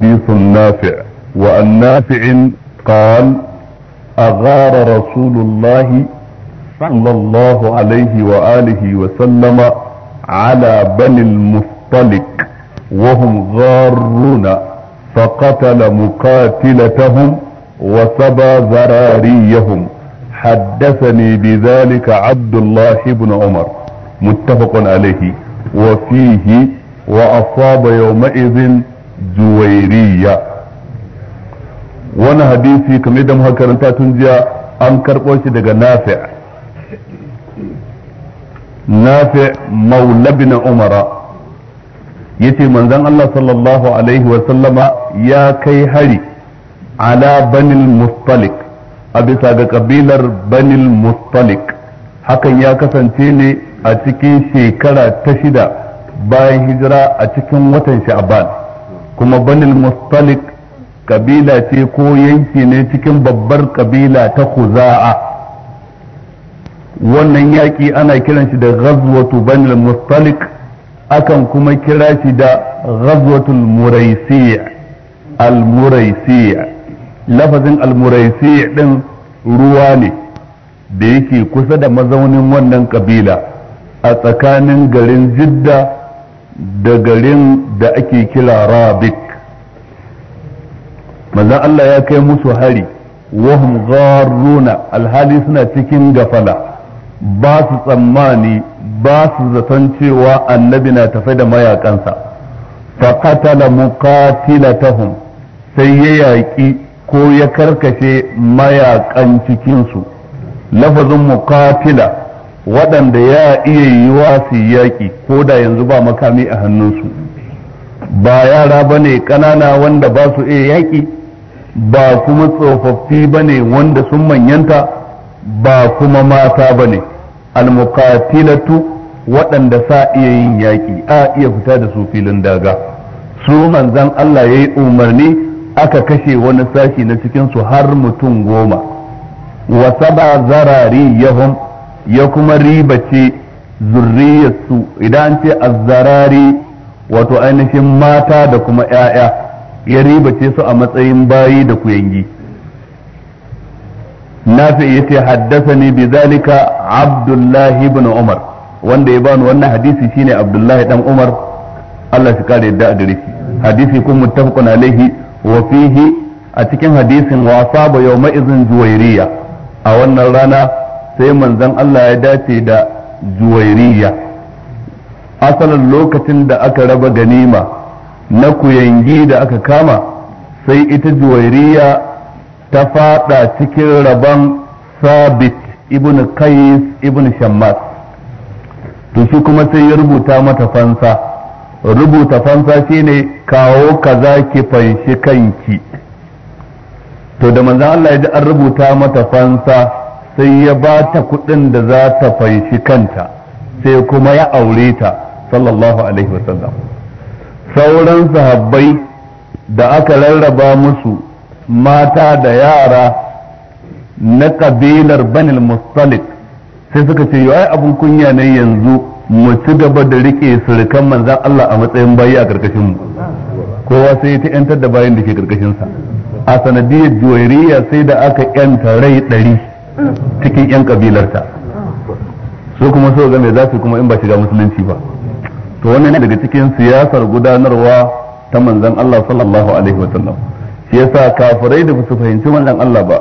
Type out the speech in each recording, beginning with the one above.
حديث نافع وأن نافع قال أغار رسول الله صلى الله عليه وآله وسلم على بني المصطلق وهم غارون فقتل مقاتلتهم وسبى ذراريهم حدثني بذلك عبد الله بن عمر متفق عليه وفيه وأصاب يومئذ juwairiya wani hadisi kamar da muka karanta tun jiya an karɓo shi daga nafi nafi maula bin umara yace manzon Allah sallallahu alaihi wa sallama ya kai hari ala banil mustalik a bisa ga kabilar banil mustalik hakan ya kasance ne a cikin shekara ta shida bayan hijira a cikin watan sha'ban kuma banil mustalik kabila ce ko yanki ne cikin babbar kabila ta kuza'a wannan yaƙi ana kiran shi da ghazwatu banil mustalik akan kuma kira shi da ghazwatul muraisi al-muraisi lafazin al-muraisi din ruwa ne da yake kusa da mazaunin wannan kabila a tsakanin garin jidda da garin da ake kira rabik manzan Allah ya kai musu hari wahum gharuna alhali suna cikin gafala ba su tsammani ba su zaton cewa annabi na tafe da mayakansa mukatila muqatilatahum sai ya yaƙi ko ya karkashe mayakan cikinsu lafazin muqatila waɗanda ya iya wa su yaƙi ko da yanzu ba makami a hannunsu ba yara ba ne ƙanana wanda ba su iya yaƙi ba kuma tsofaffi ba ne wanda sun manyanta ba kuma mata ba ne almukatilatu waɗanda sa iya yin yaƙi a iya fita da su filin daga su manzan Allah ya yi umarni aka kashe wani sashi na cikinsu har mutum goma wa saba zarari yahum ya kuma ribace zurriyarsu idan an ce azzarari wato ainihin mata da kuma 'ya'ya ya ribace su a matsayin bayi da kuyangi nafi ya ce haddasa bi zalika abdullahi ibn umar wanda ya bani wannan hadisi shine abdullahi dan umar Allah shi kare yadda a gare shi hadisi kun muttafaqun alaihi wa fihi a cikin hadisin wa asaba yawma izin juwairiya a wannan rana sai manzon Allah ya dace da juwairiya asalin lokacin da aka raba ganima na kuyangi da aka kama sai ita juwairiya ta fada cikin rabon sabit ibn qais ibn shammas to shi kuma sai ya rubuta mata fansa rubuta fansa shine kawo kaza ki fanshi kanki to da manzan Allah ya ji an rubuta mata fansa sai ya ba ta kuɗin da za ta faishi kanta sai kuma ya aure ta sallallahu alaihi wasallam sauran sahabbai da aka rarraba musu mata da yara na kabilar banil mustalik sai suka ce yi abin kunya ne yanzu mu ci gaba da rike surukan manzan Allah a matsayin bayi a karkashin mu kowa sai ta yantar da bayan da ke karkashinsa a sanadiyar juwairiya sai da aka yanta rai ɗari cikin yan kabilarta su kuma so ga mai za su kuma in ba shiga musulunci ba to wannan daga cikin siyasar gudanarwa ta manzan Allah sallallahu alaihi wasallam shi yasa kafirai da su fahimci manzan Allah ba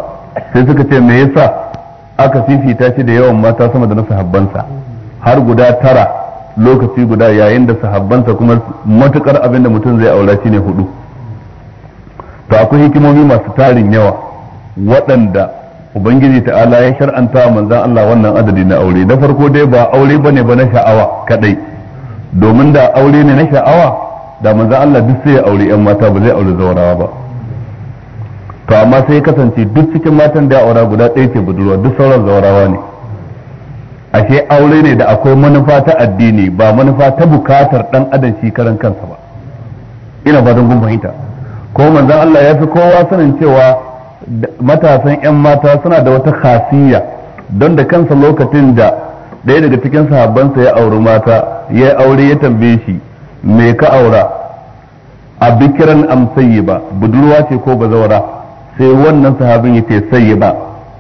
sai suka ce me yasa aka fifita shi da yawan mata sama da na sahabbansa har guda tara lokaci guda yayin da sahabbansa kuma matukar abin da mutum zai aura ne hudu to akwai hikimomi masu tarin yawa waɗanda ubangiji ta'ala ya shar'anta manzan Allah wannan adadi na aure na farko dai ba aure bane ba na sha'awa kadai domin da aure ne na sha'awa da manzan Allah duk sai ya aure yan mata ba zai aure zawarawa ba to amma sai ya kasance duk cikin matan da ya aura guda ɗaya ce budurwa duk sauran zawarawa ne ashe aure ne da akwai manufa ta addini ba manufa ta bukatar dan adam shi karan kansa ba ina fatan kun fahimta ko manzan Allah ya fi kowa sanin cewa matasan 'yan mata suna da wata khasiyya don da kansa lokacin da ɗaya daga cikin sahabbansa ya auri mata ya aure ya tambaye shi me ka aura a bikiran am ba budurwa ce ko bazawara sai wannan sahabin ya ce sayi ba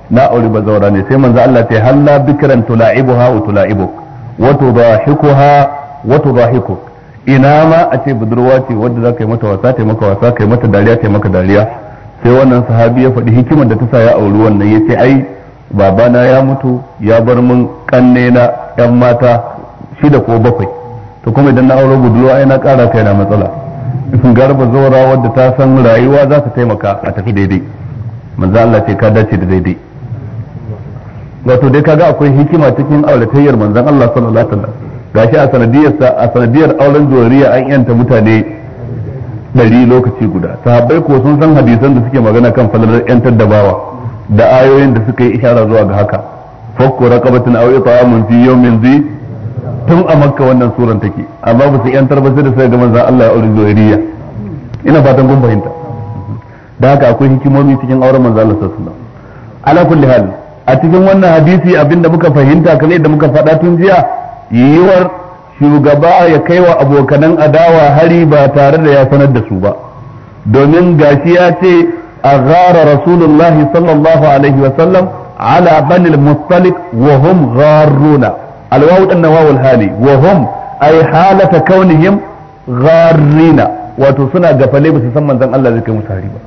na aure bazawara ne sai manzo Allah ta halla bikiran ha wa tula'ibuk wa ha wa tudahikuk ina ma a ce budurwa ce wadda za ka yi mata wasa ta maka wasa ka yi mata dariya ta maka dariya sai wannan sahabi ya faɗi hikimar da ta sa ya auri wannan ya ce ai babana ya mutu ya bar min kanne na yan mata shida ko bakwai to kuma idan na aure budurwa ai na ƙara kai na matsala in garba zora wadda ta san rayuwa za ta taimaka a tafi daidai manzo Allah ce ka dace da daidai wato dai kaga akwai hikima cikin auratayyar manzon Allah sallallahu alaihi wasallam gashi a sanadiyar a sanadiyar auren joriya an yanta mutane Dari lokaci guda sahabbai ko sun san hadisan da suke magana kan falalar yantar da bawa da ayoyin da suka yi ishara zuwa ga haka fakku raqabatin aw it'amun fi yawmin zi tun a makka wannan suran take amma ba su yantar ba sai da sai ga manzon Allah ya aure zuwariya ina fatan kun fahimta da haka akwai hikimomi cikin auren manzon Allah sallallahu alaihi wasallam ala kulli hal a cikin wannan hadisi abinda muka fahimta kamar yadda muka faɗa tun jiya yiwuwar shugaba ya kai wa abokanan adawa hari ba tare da ya sanar da su ba domin gashi ya ce a gara rasulullahi sallallahu alaihi wasallam ala banil mustalik wa hum gharuna alwawu dan nawawul hali wa hum ay halata kaunihim gharina wato suna gafale ba su san manzon Allah zai kai musu hari ba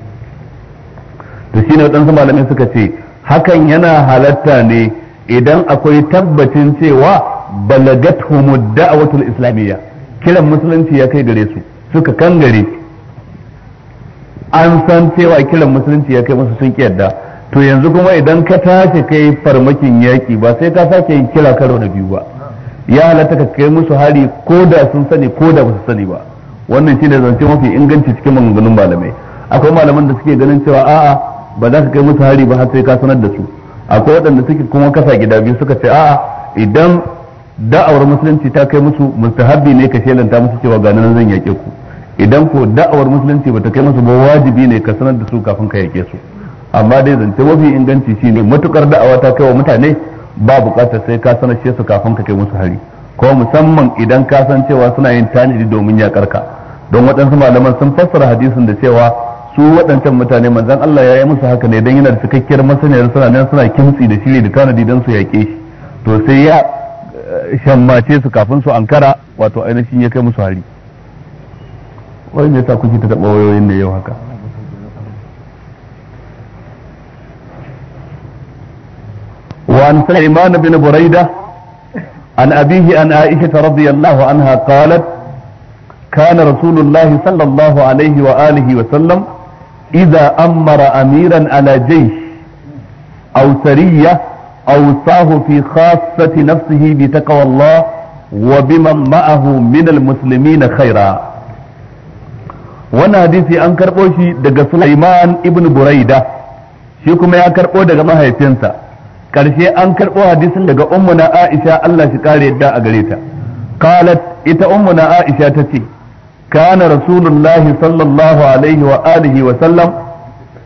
to shine wadansu malamin suka ce hakan yana halatta ne idan akwai tabbacin cewa balagathum ad-da'watu al-islamiyya kiran musulunci ya kai gare su suka kangare an san cewa kiran musulunci ya kai musu sun kiyarda to yanzu kuma idan ka tashi kai farmakin yaki ba sai ka sake yin kira karo na biyu ba ya halatta ka kai musu hari ko da sun sani ko da ba su sani ba wannan shine zance mafi inganci cikin maganganun malamai akwai malaman da suke ganin cewa a'a ba za ka kai musu hari ba har sai ka sanar da su akwai waɗanda suke kuma kasa gida biyu suka ce a'a idan da'awar musulunci ta kai musu mustahabbi ne ka shelanta musu cewa ga nan zan yaƙe ku idan ko da'awar musulunci bata kai musu ba wajibi ne ka sanar da su kafin ka yaƙe su amma dai zance mafi inganci ne matukar da'awa ta kai wa mutane ba bukatar sai ka sanar su kafin ka kai musu hari ko musamman idan ka san cewa suna yin tanadi domin ya ka don waɗansu malaman sun fassara hadisin da cewa su waɗancan mutane manzon Allah ya yi musu haka ne don yana da cikakkiyar masaniyar suna nan suna kintsi da shirye da tanadi don su yaƙe shi to sai ya shammace su kafin su ankara wato ainihin ya kai musu hari wai me yasa kuke ta taba wayoyin da yau haka وعن سليمان بن بريدة عن أبيه عن عائشة رضي الله عنها قالت كان رسول الله صلى الله عليه وآله وسلم إذا أمر أميرا على جيش أو سرية أوصاه في خاصة ta بتقوى الله وبمن معه من المسلمين خيرا wannan hadisi an karbo shi daga Sulaiman ibn Buraida shi kuma ya karɓo daga mahaifinsa ƙarshe an karɓo hadisin daga ummuna Aisha Allah shi kare yadda a gare ta qalat ita ummuna Aisha tace kana rasulullahi sallallahu alaihi wa wa sallam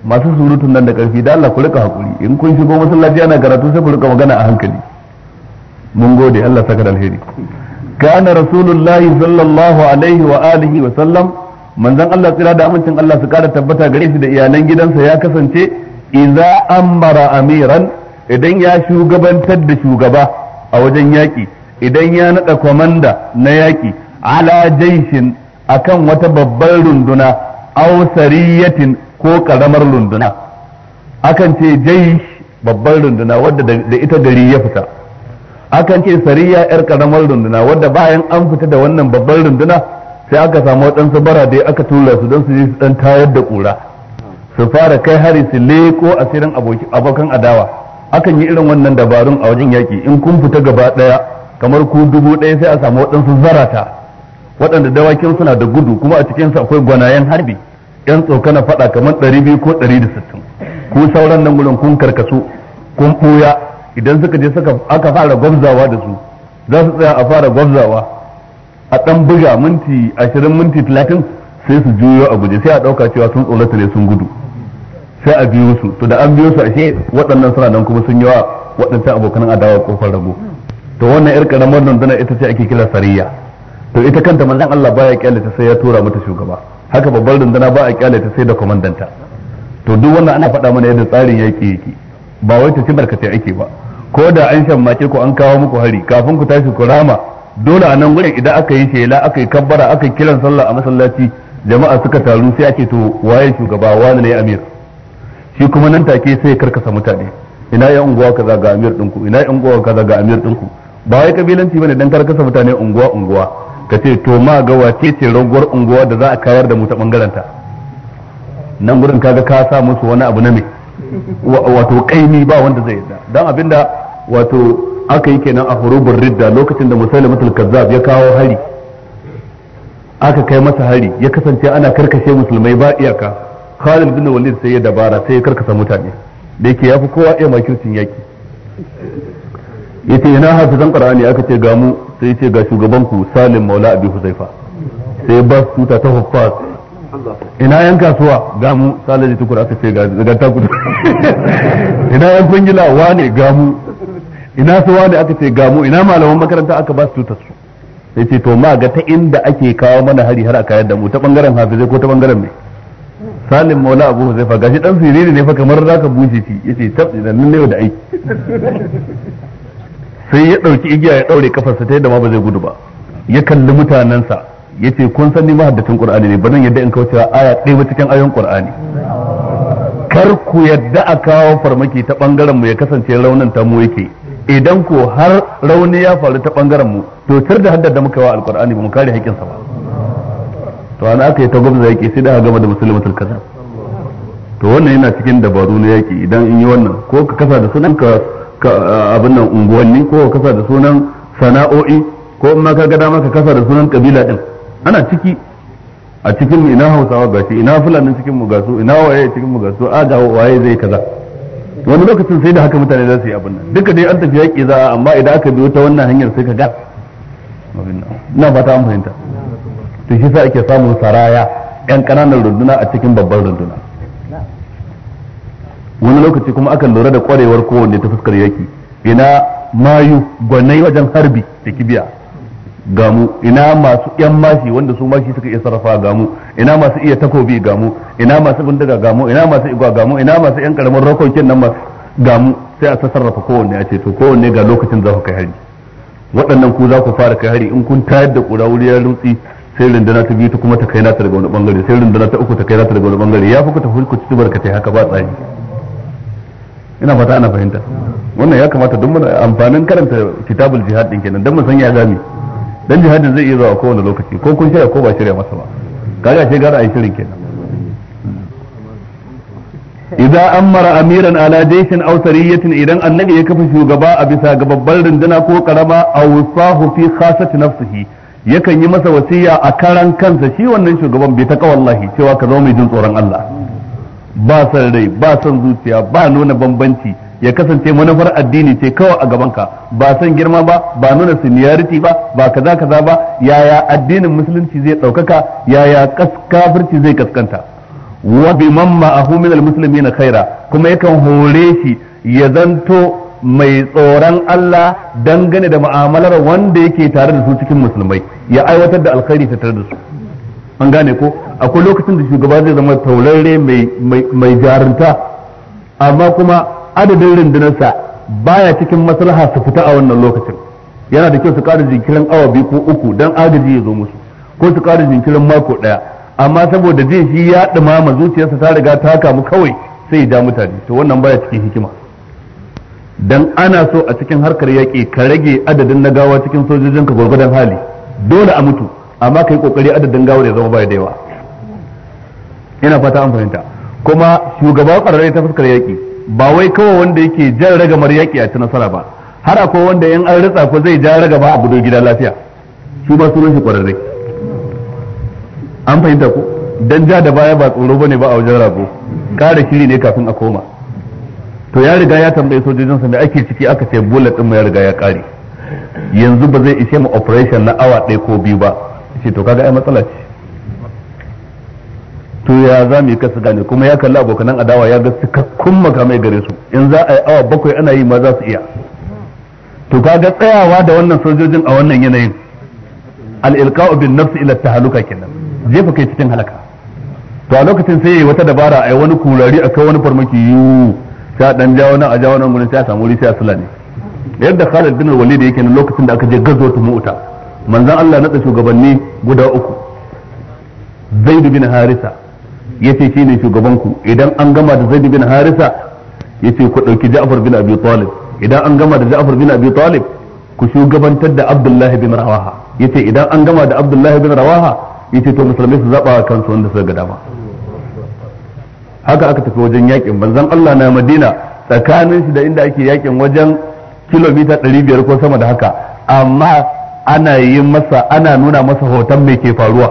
masu surutun nan da karfi da Allah ku rika hakuri in kun shigo masallaci ana karatu sai ku rika magana a hankali mun gode Allah saka da alheri kana rasulullahi sallallahu alaihi wa alihi wa sallam manzon Allah tsira da amincin Allah su kara tabbata gare shi da iyalan gidansa ya kasance idza amara amiran idan ya shugabantar da shugaba a wajen yaki idan ya nada komanda na yaki ala jaishin akan wata babbar runduna aw sariyatin ko karamar runduna akan ce jai babbar runduna wadda da ita gari ya fita akan ce sariya yar karamar runduna wadda bayan an fita da wannan babban runduna sai aka samu waɗansu da aka tura su don su je su dan tayar da kura su fara kai hari su leko asirin abokan adawa akan yi irin wannan dabarun a wajen yaki in kun fita gaba ɗaya kamar ku dubu ɗaya sai a samu waɗansu zarata waɗanda dawakin suna da gudu kuma a cikinsu akwai gwanayen harbi yan tsokana fada kamar biyu ko da sittin ko sauran nan gurin kun karkasu kun ɓuya idan suka je suka aka fara gwabzawa da su za su tsaya a fara gwabzawa a dan buga minti ashirin minti talatin sai su juyo a guje sai a dauka cewa sun tsorata ne sun gudu sai a biyo su to da an biyo su ashe waɗannan suna nan kuma sun yi wa waɗancan abokan adawa kofar rago to wannan yar karamar dandana ita ce ake kira sariya to ita kanta manzon Allah baya kyalata sai ya tura mata shugaba haka babbar rundunar ba a kyale ta sai da kwamandanta to duk wannan ana faɗa mana yadda tsarin yaƙi yake ba wai ta ci ka ake ba ko da an mace ko an kawo muku hari kafin ku tashi ku rama dole a nan gurin idan aka yi shela aka yi kabbara aka yi kiran sallah a masallaci jama'a suka taru sai ake to waye shugaba wani ne amir shi kuma nan take sai karkasa mutane ina yan unguwa kaza ga amir ɗinku ina yan unguwa kaza ga amir ɗinku ba wai kabilanci bane dan karkasa mutane unguwa unguwa ka ce to ma ga wace ce ragwar unguwa da za a kayar da mu ta bangaren ta nan gurin kaga ka sa musu wani abu na me wato kaimi ba wanda zai yadda dan abinda wato aka yi kenan a hurubur ridda lokacin da al kazzab ya kawo hari aka kai masa hari ya kasance ana karkashe musulmai ba iyaka Khalid bin Walid sai ya dabara sai ya karkasa mutane da yake yafi kowa iya makircin yaki yace ina zan qur'ani aka ce ga mu sai yace ga shugaban ku Salim Maula Abi Huzaifa sai ba su ta ta huffaz ina yan kasuwa ga mu Salim da tukura aka ce ga daga ta kudu ina yan kungila wani ga mu ina su wani aka ce ga mu ina malaman makaranta aka ba su tutar su sai ce to ma ga ta inda ake kawo mana hari har a yadda mu ta bangaren hafizai ko ta bangaren mai salim maula abu huzaifa gashi dan siriri ne fa kamar zaka bushe shi yace tab da nan ne da aiki sai ya ɗauki igiya ya ɗaure kafarsa ta yadda ma ba zai gudu ba ya kalli mutanensa ya ce kun san ni mahaddacin qur'ani ne ba yadda in kaucewa aya ɗaya ba cikin ayon qur'ani kar ku yadda a kawo farmaki ta ɓangaren mu ya kasance raunin ta mu yake idan ko har rauni ya faru ta ɓangaren mu to tar da haddar da muka wa alqur'ani ba mu kare haƙƙinsa ba to an aka yi ta gwamza yaƙi sai da gama da musulmatul kasa to wannan yana cikin dabaru na yaki idan in yi wannan ko ka kasa da sunan ka abin nan unguwanni ko kasa da sunan sana'o'i ko in ma ka ga dama ka kasa da sunan kabila din ana ciki a cikin ina hausawa gashi ina fulani cikin mu gasu ina waye cikin mu gasu a ga waye zai kaza wani lokacin sai da haka mutane za su yi abin nan duka dai an tafi yaƙi za amma idan aka biyo ta wannan hanyar sai ka ga ina fata an fahimta to shi sa ake samun saraya yan ƙananan runduna a cikin babban runduna wani lokaci kuma akan lura da kwarewar kowanne ta fuskar yaki ina mayu gwanai wajen harbi da kibiya gamu ina masu yan mashi wanda su mashi suka iya sarrafa gamu ina masu iya takobi gamu ina masu bindiga gamu ina masu igwa gamu ina masu yan karamin rakokin nan masu gamu sai a sarrafa kowanne a ce to kowanne ga lokacin za ku kai hari waɗannan ku za ku fara kai hari in kun tayar da kura wuri ya lutsi sai rundana ta biyu ta kuma ta kai na ta daga wani bangare sai rundana ta uku ta kai na ta daga wani bangare ya fi ku ta hulku ci barkatai haka ba tsari ina fata ana fahimta wannan ya kamata don mana amfanin karanta kitabul jihad din kenan don mun san ya gami dan jihadin zai iya zuwa kowane lokaci ko kun shirya ko ba shirya masa ba kaga ce gara ayi shirin kenan idza amara amiran ala jayshin aw sariyatin idan annabi ya kafa shugaba a bisa ga babbar runduna ko karama aw sahu fi khasati nafsihi yakan yi masa wasiya a karan kansa shi wannan shugaban bai ta kawallahi cewa ka zama mai jin tsoron Allah ba son rai ba son zuciya ba nuna bambanci ya kasance manufar addini ce kawai a gabanka ba son girma ba ba nuna seniority ba ba kaza kaza ba yaya addinin musulunci zai ɗaukaka yaya kafirci zai kaskanta wa biman ma'ahu min almuslimina khaira kuma yakan hore shi ya zanto mai tsoron Allah dangane da mu'amalar wanda yake tare da su cikin musulmai ya aiwatar da alkhairi tare da su an gane ko akwai lokacin da shugaba zai zama taurare mai jarinta amma kuma adadin rundunarsa baya cikin maslaha su fita a wannan lokacin yana da kyau su ƙara jinkirin awa biyu ko uku don agaji ya zo musu ko su ƙara jinkirin mako ɗaya amma saboda jin shi ya ɗumama zuciyarsa ta riga ta kamu kawai sai ya ja mutane to wannan baya cikin hikima dan ana so a cikin harkar yaƙi ka rage adadin na gawa cikin sojojinka gwargwadon hali dole a mutu amma ka yi kokari adadin gawar ya zama bai da yawa ina fata an fahimta kuma shugaba kwararre ta fuskar yaki ba wai kawai wanda yake jan ragamar yaki a ci nasara ba har akwai wanda yan an ritsa ko zai ja ragaba a gudun gida lafiya su ba sunan shi kwararre an fahimta ko dan ja da baya ba tsoro bane ba a wajen rago kare shiri ne kafin a koma to ya riga ya tambaye sojojin sa me ake ciki aka ce bullet din ya riga ya kare yanzu ba zai ishe mu operation na awa ɗaya ko biyu ba ce to kaga ai matsala ce to ya za mu yi kasu gane kuma ya kalli abokanan adawa ya ga cikakkun makamai gare su in za a yi awa bakwai ana yi ma za su iya to kaga tsayawa da wannan sojojin a wannan yanayin al-ilqa'u bin nafsi ila tahaluka kenan jefa kai cikin halaka to a lokacin sai yayi wata dabara a yi wani kurari akai wani farmaki yu sai dan jawo na a jawo nan gurin sai a samu wuri sai a yadda Khalid bin Walid yake nan lokacin da aka je gazo ta mu'ta manzon Allah nada shugabanni guda uku Zaid bin Harisa ya ce shi ne shugabanku idan an gama da Zaid bin Harisa ya ce ku ɗauki Ja'far bin Abi Talib idan an gama da Ja'far bin Abi Talib ku shugabantar da abdullahi bin Rawaha ya ce idan an gama da abdullahi bin Rawaha ya ce to musulmai su zaba kansu wanda suka ga dama haka aka tafi wajen yakin manzon Allah na Madina tsakanin shi da inda ake yakin wajen kilomita 500 ko sama da haka amma ana yi masa ana nuna masa hoton mai ke faruwa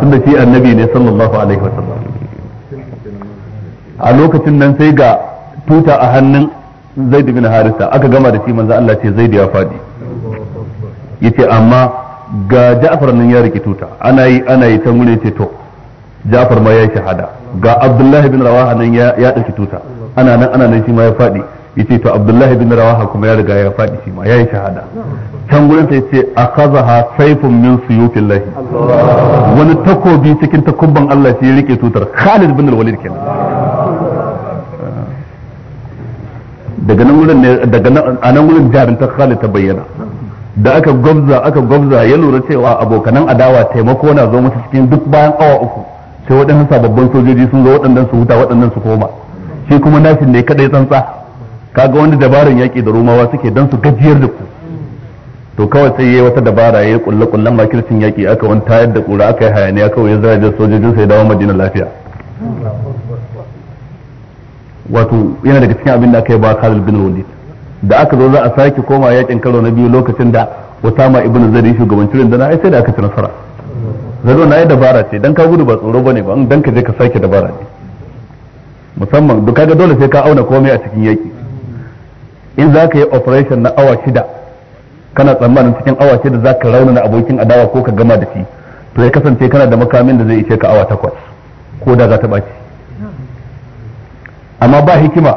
tunda shi annabi ne sallallahu alaihi wasallam a lokacin nan sai ga tuta a hannun zaid bin harisa aka gama da shi manzo Allah ce zaid ya fadi yace amma ga Ja'far nan ya riki tuta ana yi ana yi ta mune ce to Ja'far ma ya shahada ga Abdullahi bin Rawaha nan ya ya tuta ana nan ana nan shi ma ya fadi yace to abdullahi bin rawaha kuma ya riga ya fadi shi ma yayi shahada can gurin ta yace akazaha saifun min suyufillahi wani takobi cikin takubban Allah shi ya rike tutar Khalid bin al-Walid kenan daga nan gurin daga nan gurin ta Khalid ta bayyana da aka gwabza aka gwabza ya lura cewa abokanan adawa taimako na zo musu cikin duk bayan awa uku sai waɗannan sababbin sojoji sun zo waɗannan su huta waɗannan su koma shi kuma nashin ne kaɗai tsantsa kaga wani dabarun yaƙi da romawa suke don su gajiyar da ku to kawai sai yayi wata dabara yayi kulle kullen makircin yaƙi aka wani tayar da kura aka yi hayaniya kawai ya zaraje sojojin sai dawo madina lafiya wato yana daga cikin abin da aka yi ba Khalid bin Walid da aka zo za a sake koma yakin karo na biyu lokacin da Usama ibn Zaid ya shugabanci dana ai sai da aka ci nasara zado na yi dabara ce dan ka gudu ba tsoro bane ba dan ka je ka sake dabara ne musamman duk kaga dole sai ka auna komai a cikin yaƙi in za ka yi operation na awa shida kana tsammanin cikin awa shida za ka raunana abokin adawa ko ka gama da shi to ya kasance kana da makamin da zai ishe ka awa takwas ko da za ta ɓaci amma ba hikima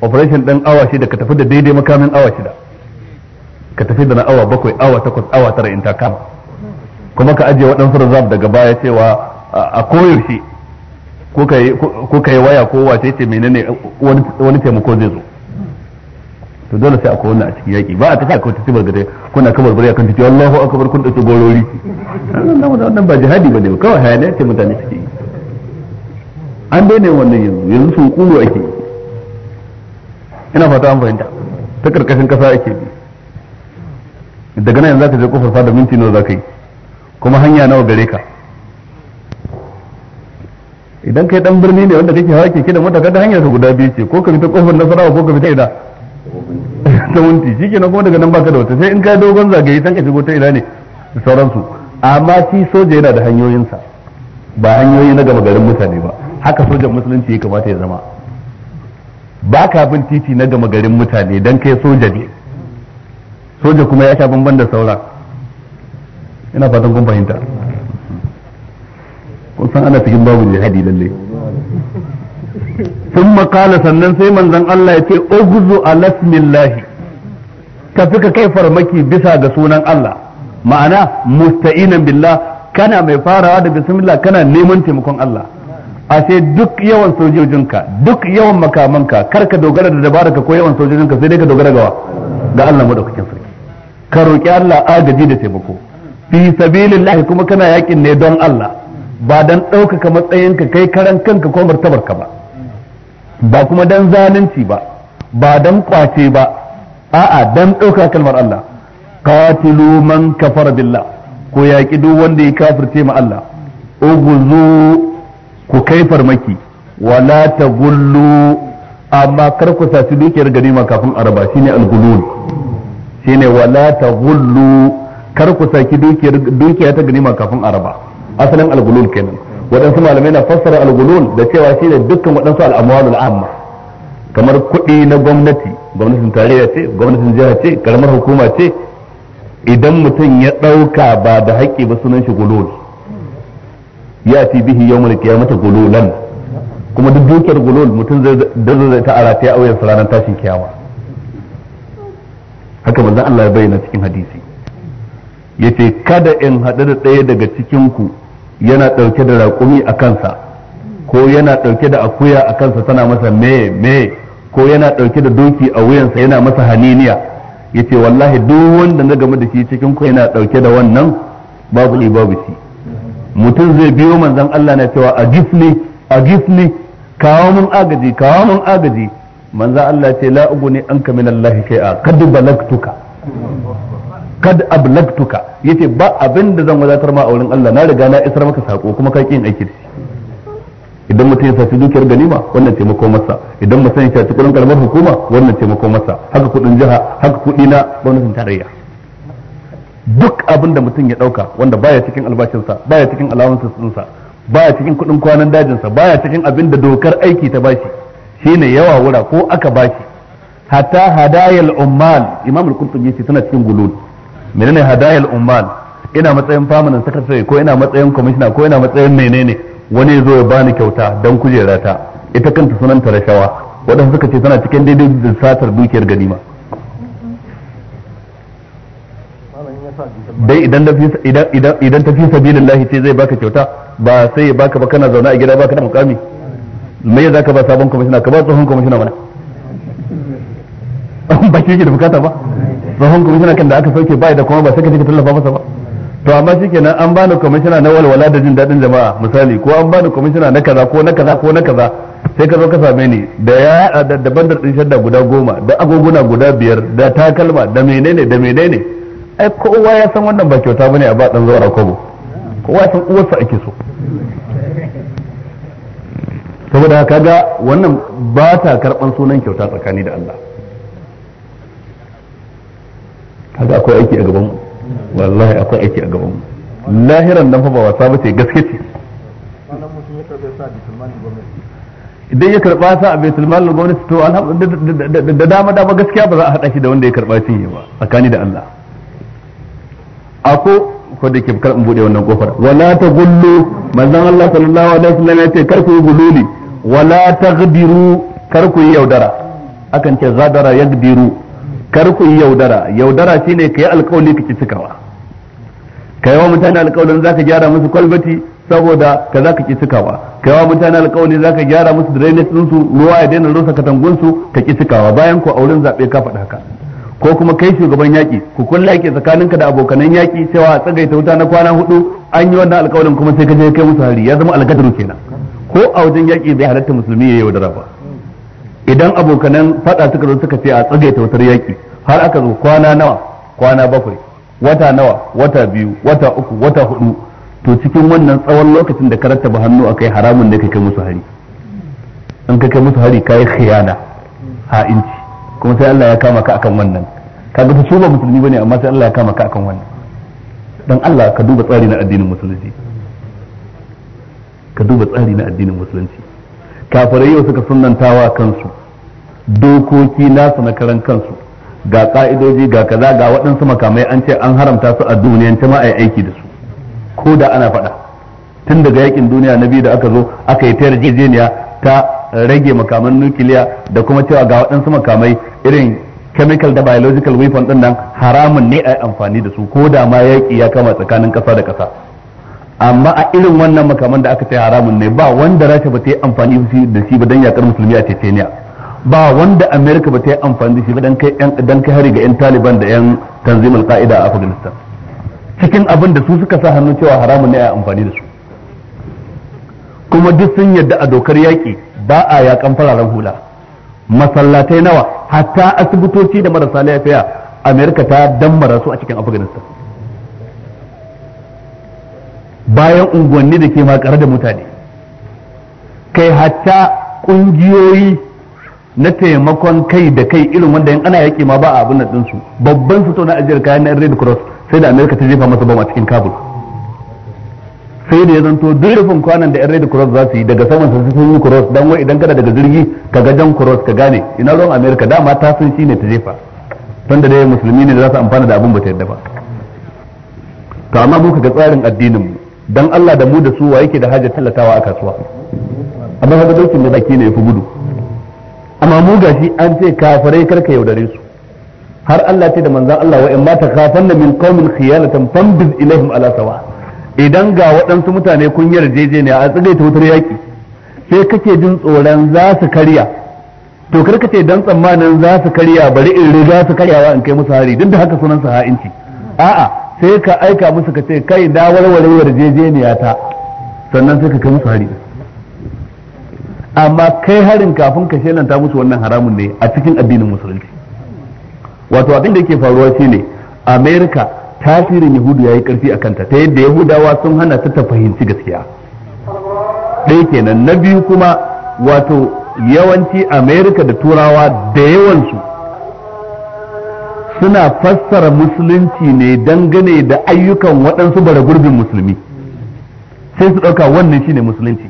operation ɗin awa shida ka tafi da daidai makamin awa shida ka tafi da na awa bakwai awa takwas awa tara in ta kama kuma ka ajiye waɗansu reserve daga baya cewa a koyaushe ko ka yi waya ko wace ce menene wani taimako zai zo to dole sai akwai wannan a cikin yaƙi ba a tafi akwai tafi bargada kuna kabar bari akan tafi Allahu akbar kun dace gorori wannan ba jihadi bane ba kawai hayaniya ce mutane suke yi an daina wannan yanzu yanzu sun kuro ake yi ina fata an fahimta ta karkashin kasa ake bi daga nan yanzu zaka je kofar fada minti nawa zaka yi kuma hanya nawa gare ka idan kai dan birni ne wanda kake hawa keke da mota da hanyar ta guda biyu ce ko ka fita kofar nasarawa ko ka fita ta ida ta wunti shi kenan kuma daga nan baka da wata sai in ka dogon zagaye san ka shigo ta ina ne da sauransu amma shi soja yana da hanyoyinsa ba hanyoyi na gama garin mutane ba haka sojan musulunci ya kamata ya zama ba ka bin titi na gama garin mutane dan kai soja ne soja kuma ya sha bamban da sauran ina fatan kun fahimta kun san ana cikin babu jihadi lallai sun makala sannan sai manzan Allah ya ce ugzu lasmillahi ka fi ka kai farmaki bisa ga sunan Allah ma'ana musta'inan billa kana mai farawa da bismillah kana neman taimakon Allah a sai duk yawan sojojinka duk yawan makamanka kar ka dogara da dabaraka ko yawan sojojinka sai dai ka dogara gawa ga Allah madaukakin sarki ka roki Allah agaji da taimako fi sabilillah kuma kana yakin ne don Allah ba dan ɗaukaka matsayinka kai karan kanka ko martabarka ba ba kuma dan zalunci ba ba dan kwace ba a'a dan ɗauka kalmar Allah qatilu man kafara billah ko yaƙi duk wanda ya kafirce ma Allah uguzu ku kai farmaki wala tagullu amma kar ku saci dukiyar ganima kafin araba shine al-gulul shine wala tagullu kar ku saki dukiyar dukiya ta ganima kafin araba asalin al-gulul kenan waɗansu malamai na fassara al'gulun da cewa shi ne dukkan waɗansu al'amuran al'amma kamar kuɗi na gwamnati gwamnatin tarayya ce gwamnatin jiha ce karamar hukuma ce idan mutum ya ɗauka ba da haƙƙi ba sunan shi gulul ya fi bihi yawmul mata gululan kuma duk dukiyar gulul mutum zai zai ta arata ya auyen ranar tashin kyawa haka zan Allah ya bayyana cikin hadisi yace kada in haɗu da ɗaya daga cikin ku yana ɗauke da raƙumi a kansa ko yana ɗauke da akuya a kansa tana masa me me ko yana ɗauke da doki a wuyansa yana masa haniniya ce wallahi duk wanda na game da shi cikin ku yana ɗauke da wannan babu ni babu shi mutum zai biyo manzon Allah na cewa a gifni kawo mun agaji kawo mun agaji manzon Allah ce la uguni anka min Allah shay'a kad balagtuka kad ablagtuka yace ba abin da zan wadatar ma a wurin Allah na riga na isar maka sako kuma ka kin aiki idan mutum ya saci dukiyar ganima wannan taimako masa idan mutum ya saci kudin karamar hukuma wannan taimako masa haka kudin jiha haka kudi na gwamnatin tarayya duk abin da mutum ya dauka wanda baya cikin albashinsa baya cikin alawansa baya cikin kudin kwanan dajinsa baya cikin abin da dokar aiki ta bashi shine yawa wura ko aka bashi hatta hadayal ummal imam al-qurtubi yace tana cikin gulul menene hadayal ummal ina matsayin famanin sakatare ko ina matsayin commissioner ko ina matsayin menene wani zo ya bani kyauta dan kujera ta ita kanta sunanta rashawa waɗanda suka ce tana cikin daidai da satar dukiyar ganima dai idan idan ta fi sabilillahi ce zai baka kyauta ba sai ya baka ba kana zaune a gida baka da mukami me za ka ba sabon kwamishina ka ba tsohon kwamishina mana ba shi ke da bukata ba tsohon kwamishina kan da aka sauke bai da kuma ba sai ka tallafa masa ba to amma shi shikenan an bani kwamishina na walwala da jin daɗin jama'a misali ko an bani kwamishina na kaza ko na kaza ko na kaza sai ka zo ka same ni da ya da da bandar din shadda guda goma da agoguna guda biyar da takalma da menene da menene ai kowa ya san wannan ba kyauta bane a ba dan zuwa kwabo kowa ya san uwarsa ake so saboda ga wannan ba ta karban sunan kyauta tsakani da Allah kaga akwai aiki a gaban mu wallahi akwai aiki a gaban mu lahiran nan fa ba wasa bace gaske ce idan ya karba sa a baitul mal gwamnati to da dama dama gaskiya ba za a hada shi da wanda ya karba shi ba tsakani da Allah ako ko da ke kar in bude wannan kofar wala ta gullu manzon Allah sallallahu alaihi wasallam ya ce kar ku yi gululi wala taghdiru kar ku yi yaudara akan ce zadara yagdiru kar ku yi yaudara yaudara shine kai alkawali kake cikawa kai wa mutane alkawalin zaka gyara musu kwalbati saboda ka zaka ki cikawa kai wa mutane alkawali zaka gyara musu drainage din su ruwa ya daina rusa katangun su ka ki cikawa bayan ku auren zabe ka faɗa haka ko kuma kai shugaban yaki ku kulla yake tsakaninka da abokanan yaki cewa a tsagaita wuta na kwana hudu an yi wannan alkawalin kuma sai ka je kai musu hari ya zama alkadaru kenan ko a wajen yaki bai halatta musulmi ya yaudara ba idan abokanan fada suka zo suka ce a tsagaita wutar yaki har aka zo kwana nawa kwana bakwai wata nawa wata biyu wata uku wata hudu to cikin wannan tsawon lokacin da ka rattaba hannu akai haramun ne ka kai musu hari in ka kai musu hari kai khiyana ha'inci kuma sai Allah ya kama ka akan wannan kaga ta su ba musulmi bane amma sai Allah ya kama ka akan wannan dan Allah ka duba tsari na addinin musulunci ka duba tsari na addinin musulunci kafirai yau suka wa kansu dokoki nasu na karan kansu ga ka'idoji ga kaza ga waɗansu makamai an ce an haramta su a duniyance ta ma'ai aiki da su ko da ana faɗa tun daga yakin duniya na biyu da aka zo aka yi ta yarjejeniya ta rage makaman nukiliya da kuma cewa ga waɗansu makamai irin chemical da biological weapon ɗin nan haramun ne a yi amfani da su ko da ma yaƙi ya kama tsakanin ƙasa da ƙasa amma a irin wannan makaman da aka ce haramun ne ba wanda rasha ba ta yi amfani da shi ba don yakar musulmi a chechenia ba wanda amerika ba ta yi amfani da shi ba don kai hari ga yan taliban da yan tanzimul ka'ida a afghanistan cikin abin da su suka sa hannun cewa haramun ne a amfani da su kuma duk sun yadda a dokar yaƙi ba a yakan fararen hula masallatai nawa hatta asibitoci da marasa lafiya amerika ta dammara su a cikin afghanistan bayan unguwanni da ke makare da mutane kai hatta kungiyoyi na taimakon kai da kai irin wanda in ana yaƙi ma ba a abin nan babban fito na ajiyar kayan na red cross sai da amerika ta jefa masa a cikin kabul sai da ya zanto duk rufin kwanan da yan red cross za su yi daga saman sun sun yi cross dan wai idan kada daga jirgi ka ga jan cross ka gane ina ruwan amerika dama ta sun ne ta jefa don da dai musulmi ne da za su amfana da abin ba ta yadda ba to amma mu ga tsarin addinin mu dan Allah da mu da su wa yake da hajar tallatawa a kasuwa amma haka dokin da baki ne ya fi gudu amma mu gashi an ce kafirai karka yaudare su har Allah ce da manzon Allah wa in ma takhafanna min qaumin khiyanatan fambiz ilaihim ala sawa idan ga waɗansu mutane kun ne a tsige ta wutar yaki sai kake jin tsoron za su karya to karka ce dan tsammanin za su karya bari in riga su karyawa in kai musu hari duk da haka sunan su ha'inci a'a sai ka aika musu ka ce kai da warware yarjejeniya ta sannan sai ka kai musu hari amma kai harin kafin ka shelanta musu wannan haramun ne a cikin addinin musulunci wato abin da yake faruwa shine amerika tasirin yahudu ya yi karfi a kanta ta yadda yahudawa sun hana ta ta fahimci gaskiya ɗaya kenan na biyu kuma wato yawanci amerika da turawa da yawansu suna fassara musulunci ne dangane da ayyukan waɗansu bara gurbin musulmi sai su ɗauka wannan shine musulunci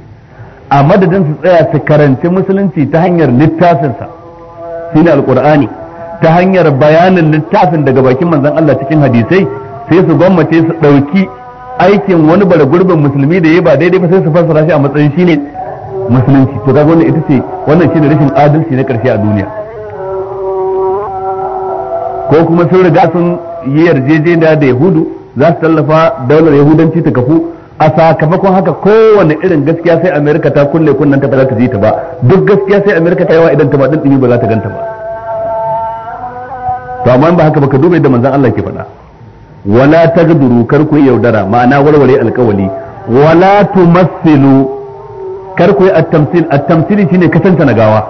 a madadin su tsaya su karanci musulunci ta hanyar littafinsa shine alƙur'ani ta hanyar bayanin littafin daga bakin manzon Allah cikin hadisai sai su gwammace su ɗauki aikin wani bara gurbin musulmi da ya ba daidai ba sai su fassara shi a matsayin shine musulunci to kaga wannan ita ce wannan shine rashin adalci na ƙarshe a duniya ko kuma sun riga sun yi yarjejeniya da yahudu za su tallafa daular yahudanci ta kafu a sakamakon haka kowane irin gaskiya sai amerika ta kulle kunnen ta za ta ji ta ba duk gaskiya sai amerika ta yawa idan ta ba din dimi ba za ta ganta ba to amma ba haka ba ka duba da manzon Allah ke faɗa wala tagduru kar ku yaudara ma'ana warware alkawali wala tumassilu kar ku yi at-tamsil at-tamsil shine na gawa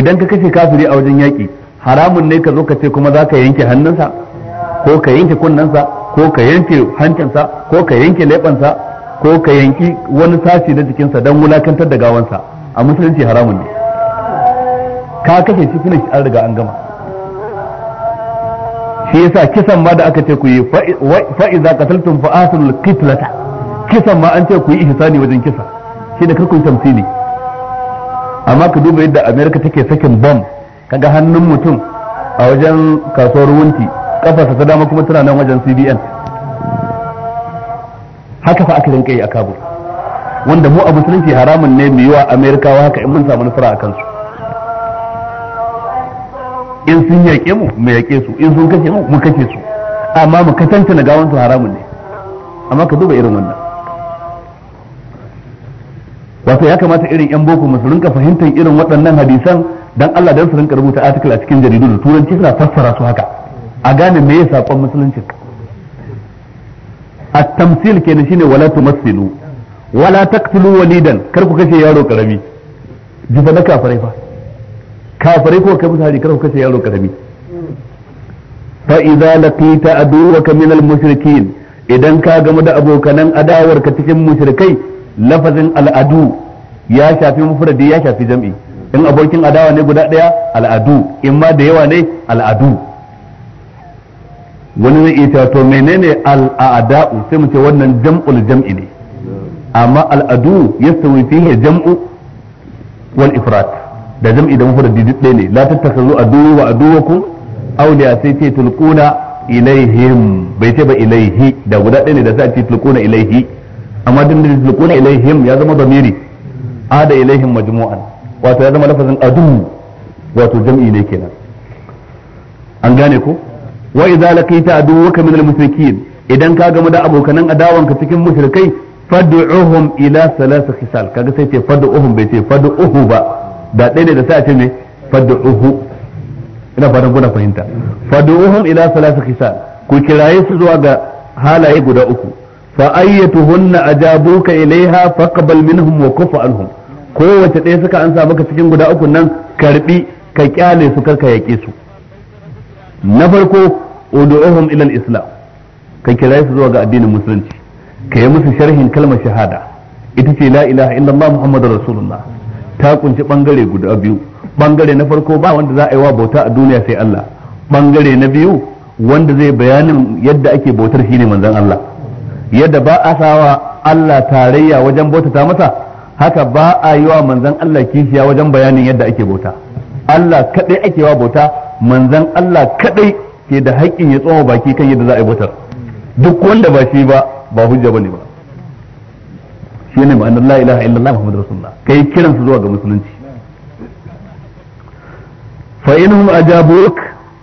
idan ka kashe kafiri a wajen yaki haramun ne ka zo ka ce kuma za ka yanke hannunsa ko ka yanke kunnensa ko ka yanke hancinsa ko ka yanke leɓensa ko ka yanki wani sashi na jikinsa don wulakantar da gawansa a musulunci haramun ne ka kashe shi finish an riga an gama shi yasa kisan ma da aka ce ku yi fa'iza qataltum fa ahsinul kitlata kisan ma an ce ku yi ihsani wajen kisa shi da karku tamsili amma ka duba yadda America take sakin bomb kaga hannun mutum a wajen kasuwar wunti kafarsa ta dama kuma tana nan wajen cbn haka fa aka rinka yi a kabul wanda mu a musulunci haramun ne mu yi wa amerikawa haka in mun samu nasara a kansu in sun yaƙe mu mu yaƙe su in sun kashe mu mu kashe su amma mu kasance na gawan su haramun ne amma ka duba irin wannan wato ya kamata irin yan boko musulun ka fahimtar irin waɗannan hadisan dan Allah dan su rinka rubuta article a cikin jaridu da turanci suna fassara su haka a gane me ya sakon musulunci at-tamsil kenan shine wala tumassilu wala taqtulu walidan kar ku kashe yaro karami jifa na kafirai fa kafirai ko kai misali kar ku kashe yaro karami fa idza laqita aduwaka min al mushrikin idan ka gamu da abokanan adawarka cikin mushrikai lafazin al'adu ya shafi mufradi ya shafi jam'i in abokin adawa ne guda ɗaya al'adu in ma da yawa ne al'adu wani zai iya to menene al'ada'u sai mu ce wannan jam'ul jam'i ne amma al'adu yastawi fihi jam'u wal ifrat da jam'i da mufrad duk ɗaya ne la tattakhazu adu wa aduwakum awliya sai ce tulquna ilaihim bai ce ba ilaihi da guda ɗaya ne da sai a ce tulquna ilaihi amma din tulquna ilaihim ya zama zamiri ada ilaihim majmu'an wato ya zama lafazin adun wato jam'i ne kenan an gane ko wa idza laqita aduwwaka min al-mushrikeen idan ka gamu da abokanan ka cikin mushrikai fad'uhum ila thalath khisal kaga sai ce fad'uhum bai ce fad'uhu ba da ɗaya ne da sai a ce me fad'uhu ina fatan kuna fahimta fad'uhum ila thalath khisal ku kiraye su zuwa ga halaye guda uku fa ayyatuhunna ajabuka ilaiha faqbal minhum wa kufa anhum kowace ɗaya suka ansa maka cikin guda uku nan karbi ka kyale su karka yaƙe su na farko ud'uhum ila islam ka kira su zuwa ga addinin musulunci ka yi musu sharhin kalmar shahada ita ce la ilaha illallah muhammadur rasulullah ta kunshi bangare guda biyu bangare na farko ba wanda za a yi wa bauta a duniya sai Allah bangare na biyu wanda zai bayanin yadda ake bautar shine manzon Allah yadda ba a sawa Allah tarayya wajen bauta ta masa haka ba a yi wa manzan Allah kishiya wajen bayanin yadda ake bauta Allah kadai ake wa bauta manzan Allah kadai ke da haƙƙin ya tsoma baki kan yadda za a yi bautar duk wanda ba shi ba ba hujja bane ba shi ne ma'anar la ilaha illallah muhammadur rasulullah kai kiran su zuwa ga musulunci fa inhum ajabuk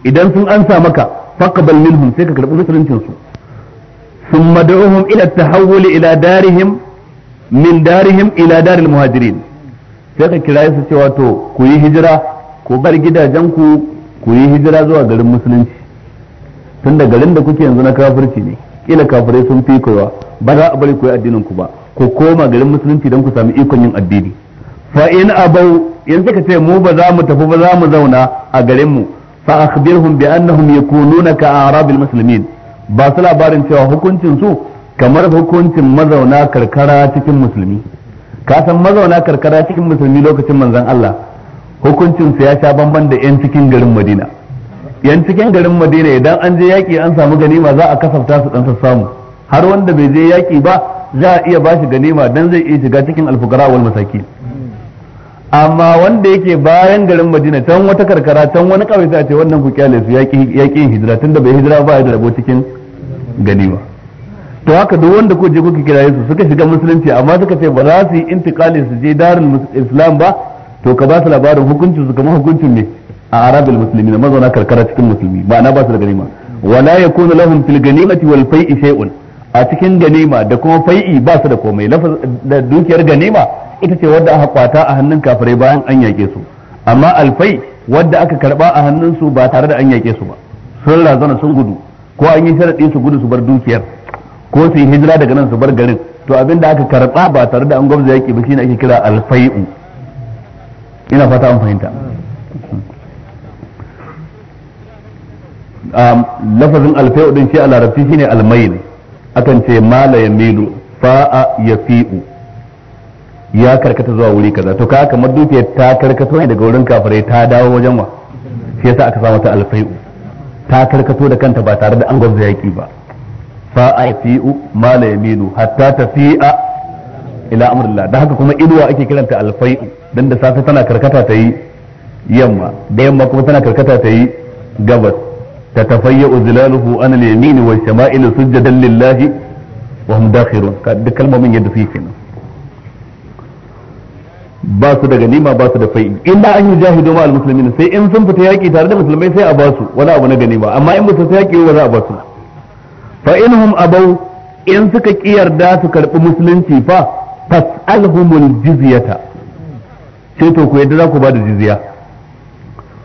idan sun ansa maka faqbal minhum sai ka karbi musuluncin su ثم دعوهم الى التحول الى دارهم min darihim ila daril muhajirin sai ka kira su cewa to ku yi hijira ku bar gidajenku ku yi hijira zuwa garin musulunci tun da garin da kuke yanzu na kafirci ne kila kafirai sun fi kowa ba za a bari ku yi addinin ku ba ku koma garin musulunci don ku sami ikon yin addini fa in abau yanzu ka ce mu ba za mu tafi ba za mu zauna a garin mu fa akhbirhum bi annahum yakununa ka arabil muslimin ba su labarin cewa hukuncin su kamar hukuncin mazauna karkara cikin musulmi ka san mazauna karkara cikin musulmi lokacin manzon Allah hukuncin su ya sha bamban da yan cikin garin Madina yan cikin garin Madina idan an je yaki an samu ganima za a kasafta su dan samu har wanda bai je yaki ba za a iya bashi ganima dan zai iya shiga cikin alfuqara wal masakin amma wanda yake bayan garin Madina can wata karkara can wani kawai ta ce wannan ku kyale su yaki yakin hijira tunda bai hijira ba ya da rabo cikin ganima to haka duk wanda ko je kuka kiraye su suka shiga musulunci amma suka ce ba za su yi intiqali su je darul islam ba to ka ba su labarin hukuncin su kamar hukuncin ne a arabil muslimin mazauna karkara cikin musulmi ma'ana ba su da ganima wala yakunu lahum fil ganimati wal fai'i shay'un a cikin ganima da kuma fai'i ba su da komai da dukiyar ganima ita ce wadda aka kwata a hannun kafirai bayan an yake su amma alfai wadda aka karba a hannun su ba tare da an yake su ba sun razana sun gudu ko an yi sharadi su gudu su bar dukiyar ko su yi hijira daga nan su bar garin to abin da aka karɓa ba tare da an gwamza yaƙi ba shine ake kira alfai'u ina fata an fahimta lafazin alfai'u din shi a larabci shine almayil akan ce mala milu fa'a fi'u. ya karkata zuwa wuri kaza to ka kamar dukiyar ta karkato ne daga wurin kafirai ta dawo wajen wa shi yasa aka samu ta alfai'u ta karkato da kanta ba tare da an gwamza yaƙi ba fa afi'u ma la yamilu hatta tafi'a ila amrillah da haka kuma idwa ake kiranta alfai'u dan da safe tana karkata ta yi yamma da yamma kuma tana karkata ta yi gabas tatafayyu zilaluhu an al-yamin wa shama'ilu sujadan lillahi wa hum dakhirun duk kalmomin yadda suke kenan ba su da ganima ba su da fai illa an yi jahido ma al-muslimin sai in sun fita yaki tare da musulmai sai a ba su wani abu na ganima amma in ba su yaki ba za a ba su fa hum abau in suka kiyarda su karbi musulunci fa fasalhumul jizyata sai to ku yadda za ku bada jizya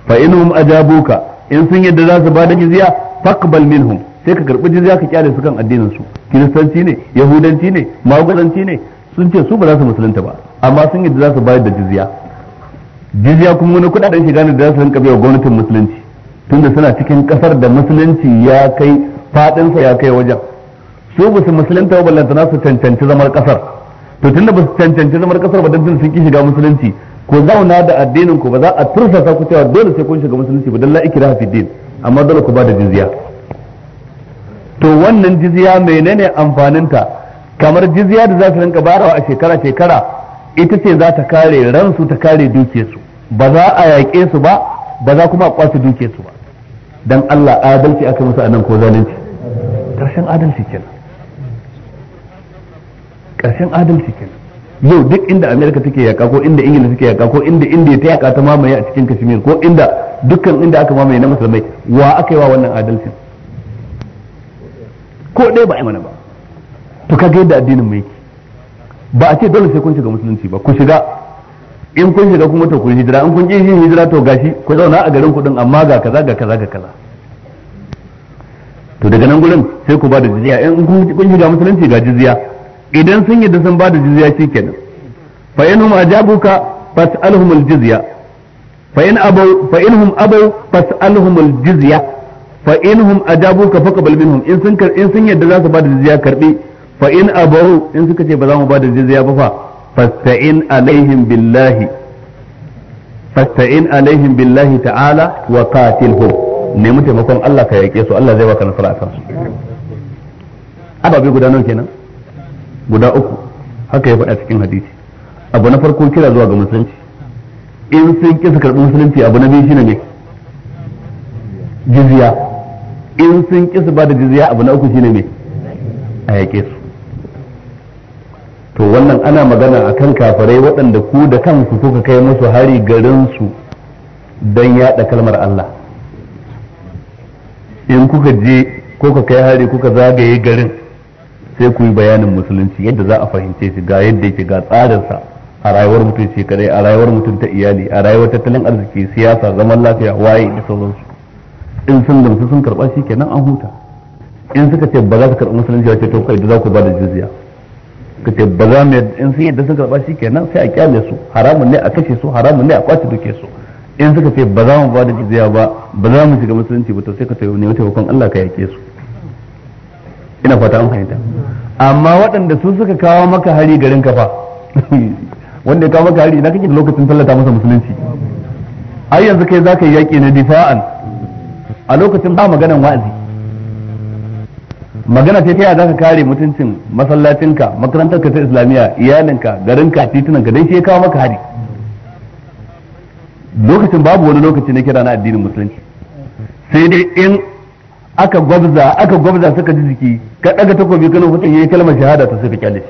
fa hum ajabuka in sun yadda za su bada jizya faqbal minhum sai ka karbi jizya ka kyale su kan addinin su kiristanci ne yahudanci ne magudanci ne sun ce su ba za su musulunta ba amma sun yadda za su bayar da jizya jizya kuma wani kudaden shiga ne da za su rinka biya gwamnatin musulunci tunda suna cikin kasar da musulunci ya kai fadinsa ya kai wajen su ba su musulunta ba na su cancanci zamar kasar to tunda ba su cancanci zamar kasar ba dan sun ki shiga musulunci ku zauna da addinin ku ba za a tursasa ku cewa dole sai kun shiga musulunci ba dan la ikraha fi din amma dole ku ba da jizya to wannan jizya menene amfaninta kamar jizya da za su rinka barawa a shekara shekara ita ce za ta kare ransu ta kare dukiyarsu ba za a yaƙe su ba ba za kuma a kwace dukiyarsu ba dan Allah adalci aka musu nan ko zalunci ƙarshen adalci kenan ƙarshen adalci kenan yau duk inda amerika take yaka ko inda ingila take yaka ko inda india ta yaka ta mamaye a cikin kashmir ko inda dukkan inda aka mamaye na musulmai wa aka yi wa wannan adalcin ko ɗaya ba a mana ba to kaga yadda addinin mai ba a ce dole sai kun shiga musulunci ba ku shiga in kun shiga kuma to kun hijira in kun ƙi hijira to gashi ku zauna a garin kuɗin amma ga kaza ga kaza ga kaza to daga nan gurin sai ku ba da jizya in kun shiga musulunci ga jizya idan sun yadda sun ba da jizya shikenan fa in hum ajabuka fas'alhum al-jizya fa in abaw fa in hum abau fas'alhum al-jizya fa in hum ajabuka faqbal minhum in sun in sun yadda za su ba da jizya karbi fa in abaw in suka ce ba za mu ba da jizya ba fa fasta'in alaihim billahi fasta'in alaihim billahi ta'ala wa qatilhum nemi taimakon Allah ka yake su Allah zai baka nasara a su ababe guda nawa kenan guda uku haka ya faɗa cikin hadisi abu na farko kira zuwa ga musulunci in sun ki su karɓi musulunci abu na biyu shine ne jizya in sun ki su ba da jizya abu na uku shine ne a yaƙe su to wannan ana magana akan kafarai waɗanda ku da kansu kuka kai musu hari garinsu don yaɗa kalmar Allah in kuka je ko ka kai hari kuka zagaye garin sai ku yi bayanin musulunci yadda za a fahimce shi ga yadda yake ga tsarinsa a rayuwar mutum ce kadai a rayuwar mutum ta iyali a rayuwar tattalin arziki siyasa zaman lafiya waye da sauransu in sun gamsu sun karɓa shi kenan an huta in suka ce ba za su karɓi musulunci wace to kai da za ku ba da jizya ka ce ba za mu in sun yadda sun karɓa shi kenan sai a kyale su haramun ne a kashe su haramun ne a kwace duke su in suka ce ba za mu ba da jizya ba ba za mu shiga musulunci ba to sai ka nemi hukun Allah ka yake su ina fata an fahimta amma waɗanda su suka kawo maka hari garin kafa wanda ya kawo maka hari ina kake da lokacin tallata masa musulunci ai yanzu kai za ka yi yaƙi na difa'an a lokacin ba maganan wa'azi magana ce ta yaya za ka kare mutuncin masallacinka makarantarka ta islamiyya iyalinka garinka titunanka dai shi ya kawo maka hari lokacin babu wani lokaci na kira na addinin musulunci sai dai in aka gwabza aka gwabza suka ji jiki ka daga takobi kana hutun yayi kalmar shahada ta sai ka kyale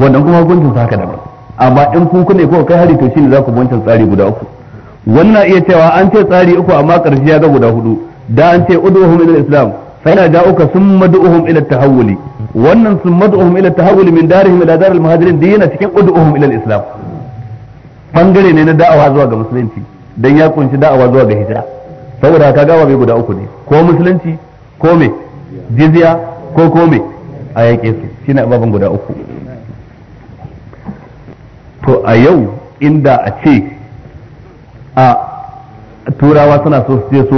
wannan kuma hukuncin haka daban amma in kun kune ko kai hari to shine za ku wancan tsari guda uku wannan iya cewa an ce tsari uku amma karshe ya ga guda hudu da an ce ud'uhum ila islam fa ina da'uka summa du'uhum ila tahawuli wannan summa du'uhum ila tahawuli min darihim ila daril muhajirin dai yana cikin ud'uhum ila islam bangare ne na da'awa zuwa ga musulunci dan ya kunshi da'awa zuwa ga hijira saboda ka gawa bai guda uku ne ko musulunci ko me jizya ko ko me a yake su shine ababen guda uku to a yau inda a ce a turawa suna so su je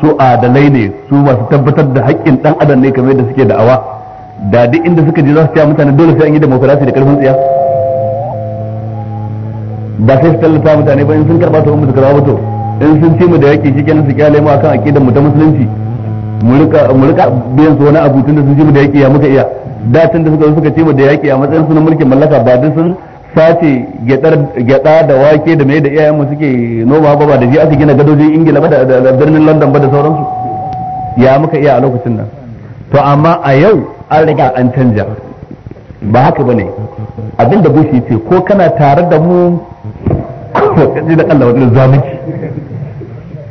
su adalai ne su masu tabbatar da haƙƙin dan adam ne kamar yadda suke da'awa da duk inda suka je za su ce mutane dole sai an yi demokrasi da karfin tsiya ba sai su tallata mutane ba in sun karba to musu karba to in sun ci mu da yaƙi shi kenan su kyale mu akan aqidar mu ta musulunci mu rika biyan su wani abu tun da sun ci mu da yaƙi ya muka iya da tun da suka suka ci mu da yaƙi a matsayin sunan mulkin mallaka ba duk sun sace gyada da wake da mai da iyayen mu suke noma ba ba da shi aka gina gadojin Ingila ba da birnin London ba da sauransu ya muka iya a lokacin nan to amma a yau an riga an canja ba haka bane abinda bushi ce ko kana tare da mu to kaji da Allah wannan zalunci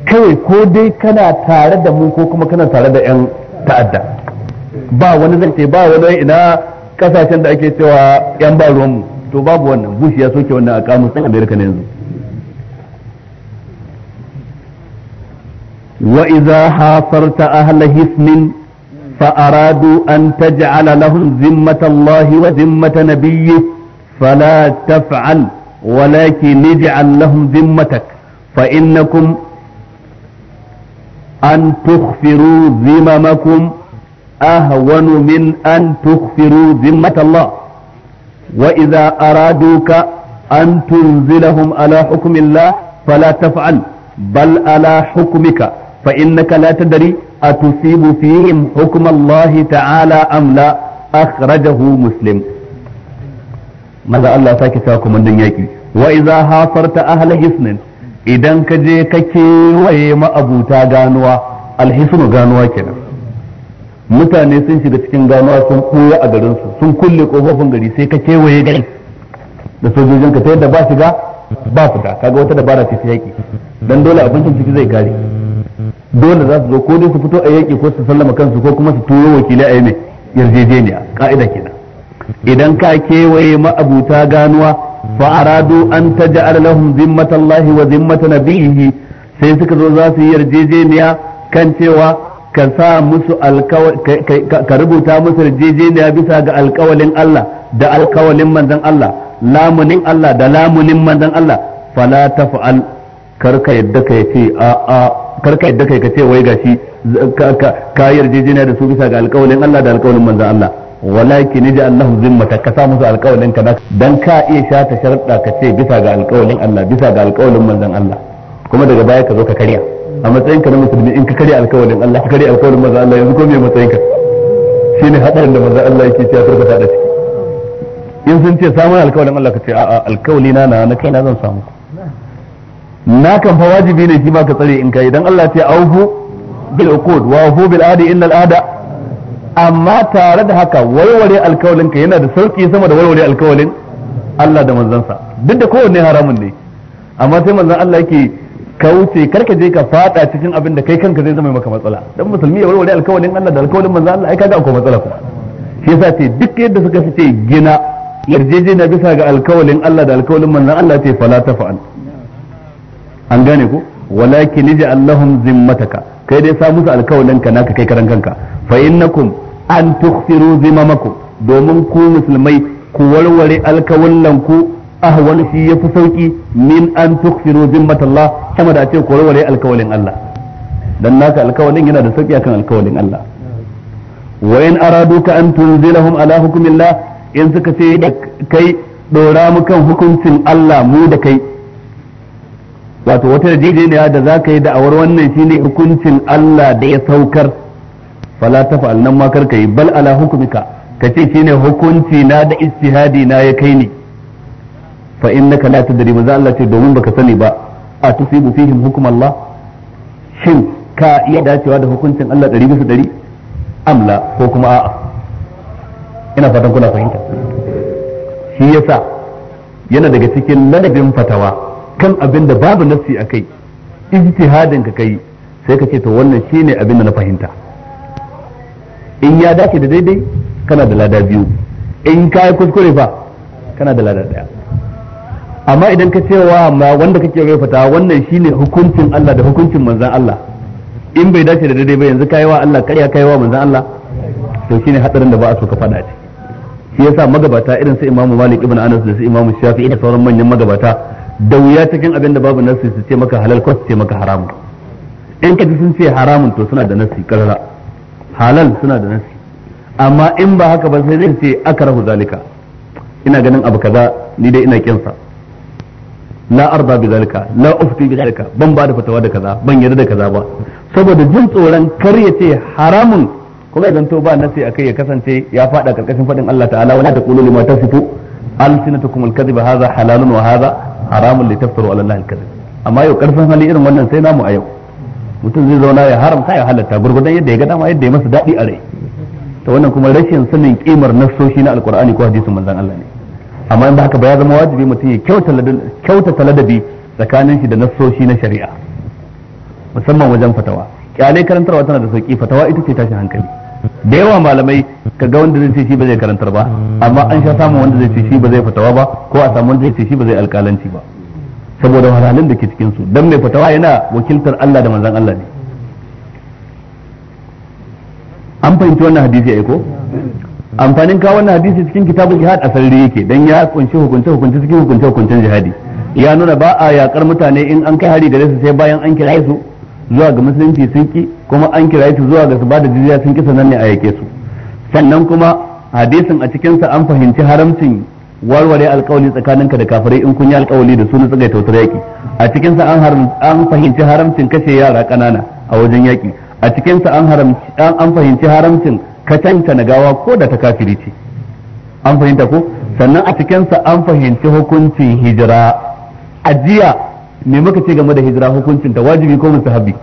kawai ko dai kana tare da mu ko kuma kana tare da yan ta'adda ba wani zance ba wani ina kasashen da ake cewa yan ba mu to babu wannan bush ya soke wannan a san ɗin amerika na yanzu وإذا حاصرت أهل هسم فأرادوا أن تجعل لهم ذمة الله وذمة نبيه فلا تفعل ولكن نجعل لهم ذمتك فإنكم أن تغفروا ذممكم أهون من أن تغفروا ذمة الله وإذا أرادوك أن تنزلهم على حكم الله فلا تفعل بل على حكمك فإنك لا تدري أتصيب فيهم حكم الله تعالى أم لا أخرجه مسلم maza Allah sake sa kumandan yaki wa iza hasarta ahla hisnin idan ka je ka kewaye ma'abuta ganuwa alhisnu ganuwa kenan mutane sun shiga cikin ganuwa sun koya a garin su sun kulle kofofin gari sai ka kewaye gari da sojojin ka ta yadda ba shiga ba fita kaga wata dabara ce ta yaki dan dole abincin ciki zai kare dole za su zo ko dai su fito a yaki ko su sallama kansu ko kuma su turo wakilai a yi mai yarjejeniya ka'ida kenan idan ka kewaye ma'abuta ganuwa fa aradu an taj'al lahum zimmatallahi wa zimmat nabiyhi sai suka zo za su yi yarjejeniya kan cewa ka sa musu ka rubuta musu yarjejeniya bisa ga alkawalin Allah da alkawalin manzon Allah lamunin Allah da lamunin manzon Allah fala taf'al karka yadda ka ce a a karka yadda kai ka ce wai gashi ka yarjejeniya da su bisa ga alkawalin Allah da alkawalin manzon Allah walakin da Allahu zimmata ka samu musu alƙawalin ka dan ka iya shata sharuɗa ka ce bisa ga alƙawalin Allah bisa ga alƙawalin manzon Allah kuma daga baya ka zo ka karya a matsayin ka na musulmi in ka karya alƙawalin Allah ka karya alƙawalin manzon Allah yanzu ko me matsayin ka ne hadarin da manzon Allah yake cewa ka fada ciki in sun ce samun alƙawalin Allah ka ce a'a alƙawali na na na kaina zan samu na kan fa wajibi ne shi ba ka tsare in kai dan Allah ce aufu bil uqud wa aufu bil adi innal ada amma tare da haka warware alkawalin ka yana da sauki sama da warware alkawalin Allah da manzansa duk da kowanne haramun ne amma sai manzon Allah yake kauce karka je ka fada cikin abin da kai kanka zai zama maka matsala dan musulmi ya warware alkawalin Allah da alkawalin manzon Allah ai kaga akwai matsala kuma shi yasa ce duk yadda suka ce gina yarjejeniya bisa ga alkawalin Allah da alkawalin manzon Allah ce fala fa'al an gane ko walakin ji allahum zimmataka kai dai sa musu alkawalin ka naka kai karan kanka fa innakum an tughfiru zimamaku domin ku musulmai ku warware alkawallan ku ahwal shi yafi sauki min an tughfiru zimmatallah sama da ce ku warware alkawalin Allah dan naka alkawalin yana da sauki akan alkawalin Allah wa in aradu ka an tunzilahum ala hukmillah in suka ce kai dora mu kan hukuncin Allah mu da kai wato wata yarjejeniya da zaka yi da awar wannan shine hukuncin Allah da ya saukar fala tafa'al nan ma karka yi bal ala hukumika kace shine hukunci na da istihadi na ya kai ni fa innaka la tadri maza Allah ce domin baka sani ba a tusibu fihim hukum Allah shin ka iya dacewa da hukuncin Allah 100 bisa 100 amla ko kuma a'a ina fatan kuna fahimta shi yasa yana daga cikin ladabin fatawa kan abin da babu nafsi akai ijtihadin ka kai sai ka ce to wannan shine abin da na fahimta in ya dace da daidai kana da lada biyu in ka yi kuskure fa kana da lada daya amma idan ka ce wa ma wanda kake mai fata wannan shine hukuncin Allah da hukuncin manzon Allah in bai dace da daidai ba yanzu kai wa Allah karya kai wa manzon Allah to shine hadarin da ba a so ka fada ce shi yasa magabata irin su Imam Malik ibn Anas da su Imam Shafi'i da sauran manyan magabata da wuya cikin abin da babu nasu su ce maka halal ko su ce maka haramun in ka ji sun ce haramun to suna da nasu karara halal suna da nasi amma in ba haka ba sai zai ce aka rahu zalika ina ganin abu kaza ni dai ina kinsa la arda bi zalika la ufti bi zalika ban ba da fatawa da kaza ban yarda da kaza ba saboda jin tsoron kar ya ce haramun kuma idan to ba nasi akai ya kasance ya fada karkashin fadin Allah ta'ala wala taqulu lima tasifu alsinatukum alkadhib hadha halalun wa hadha haramun litaftaru ala allahi alkadhib amma yau karfin hali irin wannan sai namu a yau mutum zai zauna ya haramta ya halatta gurgudan yadda ya ga dama yadda ya masa daɗi a rai to wannan kuma rashin sanin kimar nassoshi na alkur'ani ko hadisin manzon Allah ne amma in ba haka ba ya zama wajibi mutum ya kyautata ladabi tsakanin shi da nassoshi na shari'a musamman wajen fatawa kyale karantarwa tana da sauki fatawa ita ce tashin hankali da yawa malamai ka ga wanda zai ce shi ba zai karantar ba amma an sha samun wanda zai ce shi ba zai fatawa ba ko a samu wanda zai ce shi ba zai alkalanci ba saboda wahalhalun da ke cikinsu don mai fatawa yana wakiltar Allah da manzan Allah ne an fahimci wannan hadisi ya ko amfanin kawo wannan hadisi cikin kitabun jihad a sarari yake don ya kunshi hukunce hukunce cikin hukunce hukuncen jihadi ya nuna ba a yakar mutane in an kai hari gare su sai bayan an kira su zuwa ga musulunci sun ki kuma an kira su zuwa ga su da jizya sun ki sannan ne a yake su sannan kuma hadisin a cikinsa an fahimci haramcin warware alkawali tsakaninka da kafirai in kun yi alkawali da sunan na tsagai tautar yaƙi a cikin sa an fahimci haramcin kashe yara ƙanana a wajen yaƙi a cikin sa an an fahimci haramcin katanta na gawa ko da ta kafiri ce an fahimta ko sannan a cikin sa an fahimci hukuncin hijira ajiya me muka ce game da hijira hukuncin ta wajibi ko mustahabi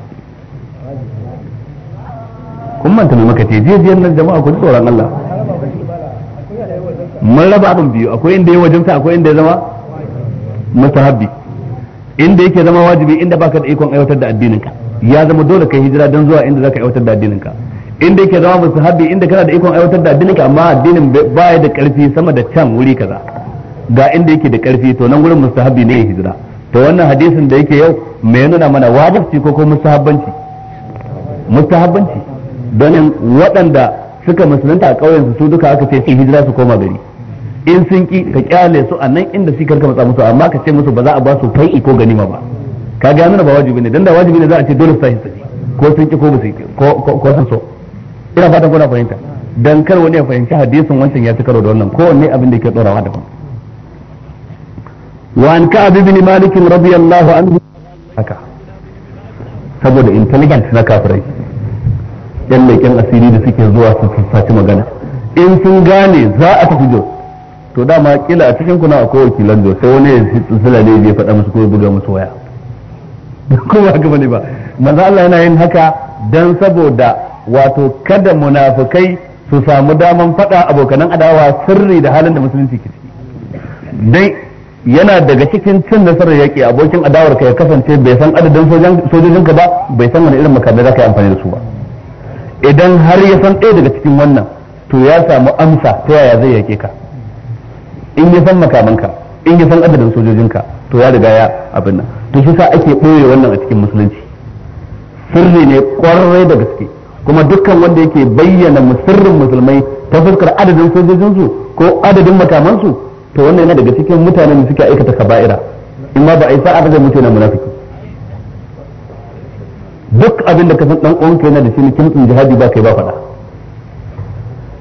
kun manta me muka ce jiyar nan jama'a ku tsoron Allah mun raba abin biyu akwai inda ya wajibta akwai inda ya zama mustahabbi inda yake zama wajibi inda baka da ikon aiwatar da addinin ka ya zama dole kai hijira don zuwa inda zaka aiwatar da addinin ka inda yake zama mustahabbi inda kana da ikon aiwatar da addinin ka amma addinin baya da karfi sama da can wuri kaza ga inda yake da karfi to nan gurin mustahabbi ne hijira to wannan hadisin da yake yau me nuna mana wajibci ko ko mustahabbanci mustahabbanci don waɗanda suka musulunta a ƙauyen su duka aka ce su hijira su koma gari in sun ki ka kyale su a nan inda su karka matsa musu amma ka ce musu ba za a ba su fai'i ko ganima ba ka gaya nuna ba wajibi ne dan da wajibi ne za a ce dole su tashi su ko sun ki ko ba su ko ko sun so ina fatan kuna fahimta dan kar wani ya fahimci hadisin wancan ya ci karo da wannan kowanne abin da yake tsorawa daban وعن كعب بن مالك malik radiyallahu anhu haka saboda intelligent na kafirai yan leƙen asiri da suke zuwa su faci magana in sun gane za a tafi jos to dama kila a cikin kuna akwai wakilan da sai wani silsila ne bai faɗa musu ko buga musu waya ko ba gaba ne ba manzo Allah yana yin haka dan saboda wato kada munafikai su samu daman faɗa abokanan adawa sirri da halin da musulunci ke ciki dai yana daga cikin cin nasarar yaƙi abokin adawar ka ya kasance bai san adadin sojojin ka ba bai san wani irin makamai za ka yi amfani da su ba idan har ya san ɗaya daga cikin wannan to ya samu amsa ta yaya zai yaƙe ka in ya san makamanka in ya san adadin sojojinka to ya riga ya abin nan to shi sa ake boye wannan a cikin musulunci sirri ne kwarrai da gaske kuma dukkan wanda yake bayyana musirrin musulmai ta fuskar adadin sojojinsu ko adadin makamansu to wannan yana daga cikin mutanen da suke aikata kaba'ira in ma ba a yi sa'a ba zai mutu yana munafiki duk abin da ka san dan uwanka yana da shi ne kimtsin jihadi ba kai ba faɗa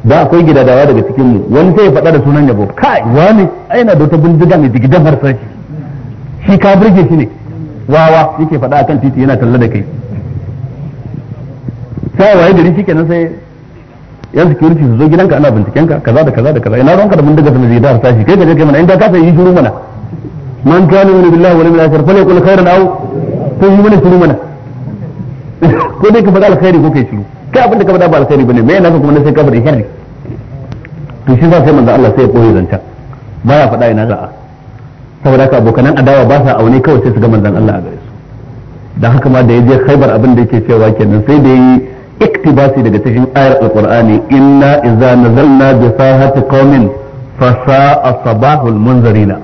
da akwai gidadawa daga cikin mu wani sai ya faɗa da sunan yabo kai wani ai na da ta bindiga mai digidan harsashi shi ka burge shi ne wawa yake faɗa akan titi yana talla da kai sai waye gari kenan sai yan security su zo gidanka ana binciken ka kaza da kaza da kaza ina ranka da bindiga mai digidan harsashi kai kaje kai mana inda ka sai yi shiru mana man kana min billahi wal yawmil akhir yakul khairan aw ko yi mana shiru mana ko dai ka faɗa alkhairi ko kai shiru sai abin da ka bada ba alkhairi bane me yana kuma na sai ka faɗi to shi sa sai manzo Allah sai ya koyi ba baya faɗa ina za'a saboda haka abokanan adawa ba sa aune kawai sai su ga manzon Allah a gare su dan haka ma da ya je Khaibar abin da yake cewa kenan sai da yi iktibasi daga cikin ayar alqur'ani inna idza nazalna bi sahati qaumin fa sa'a sabahul munzirina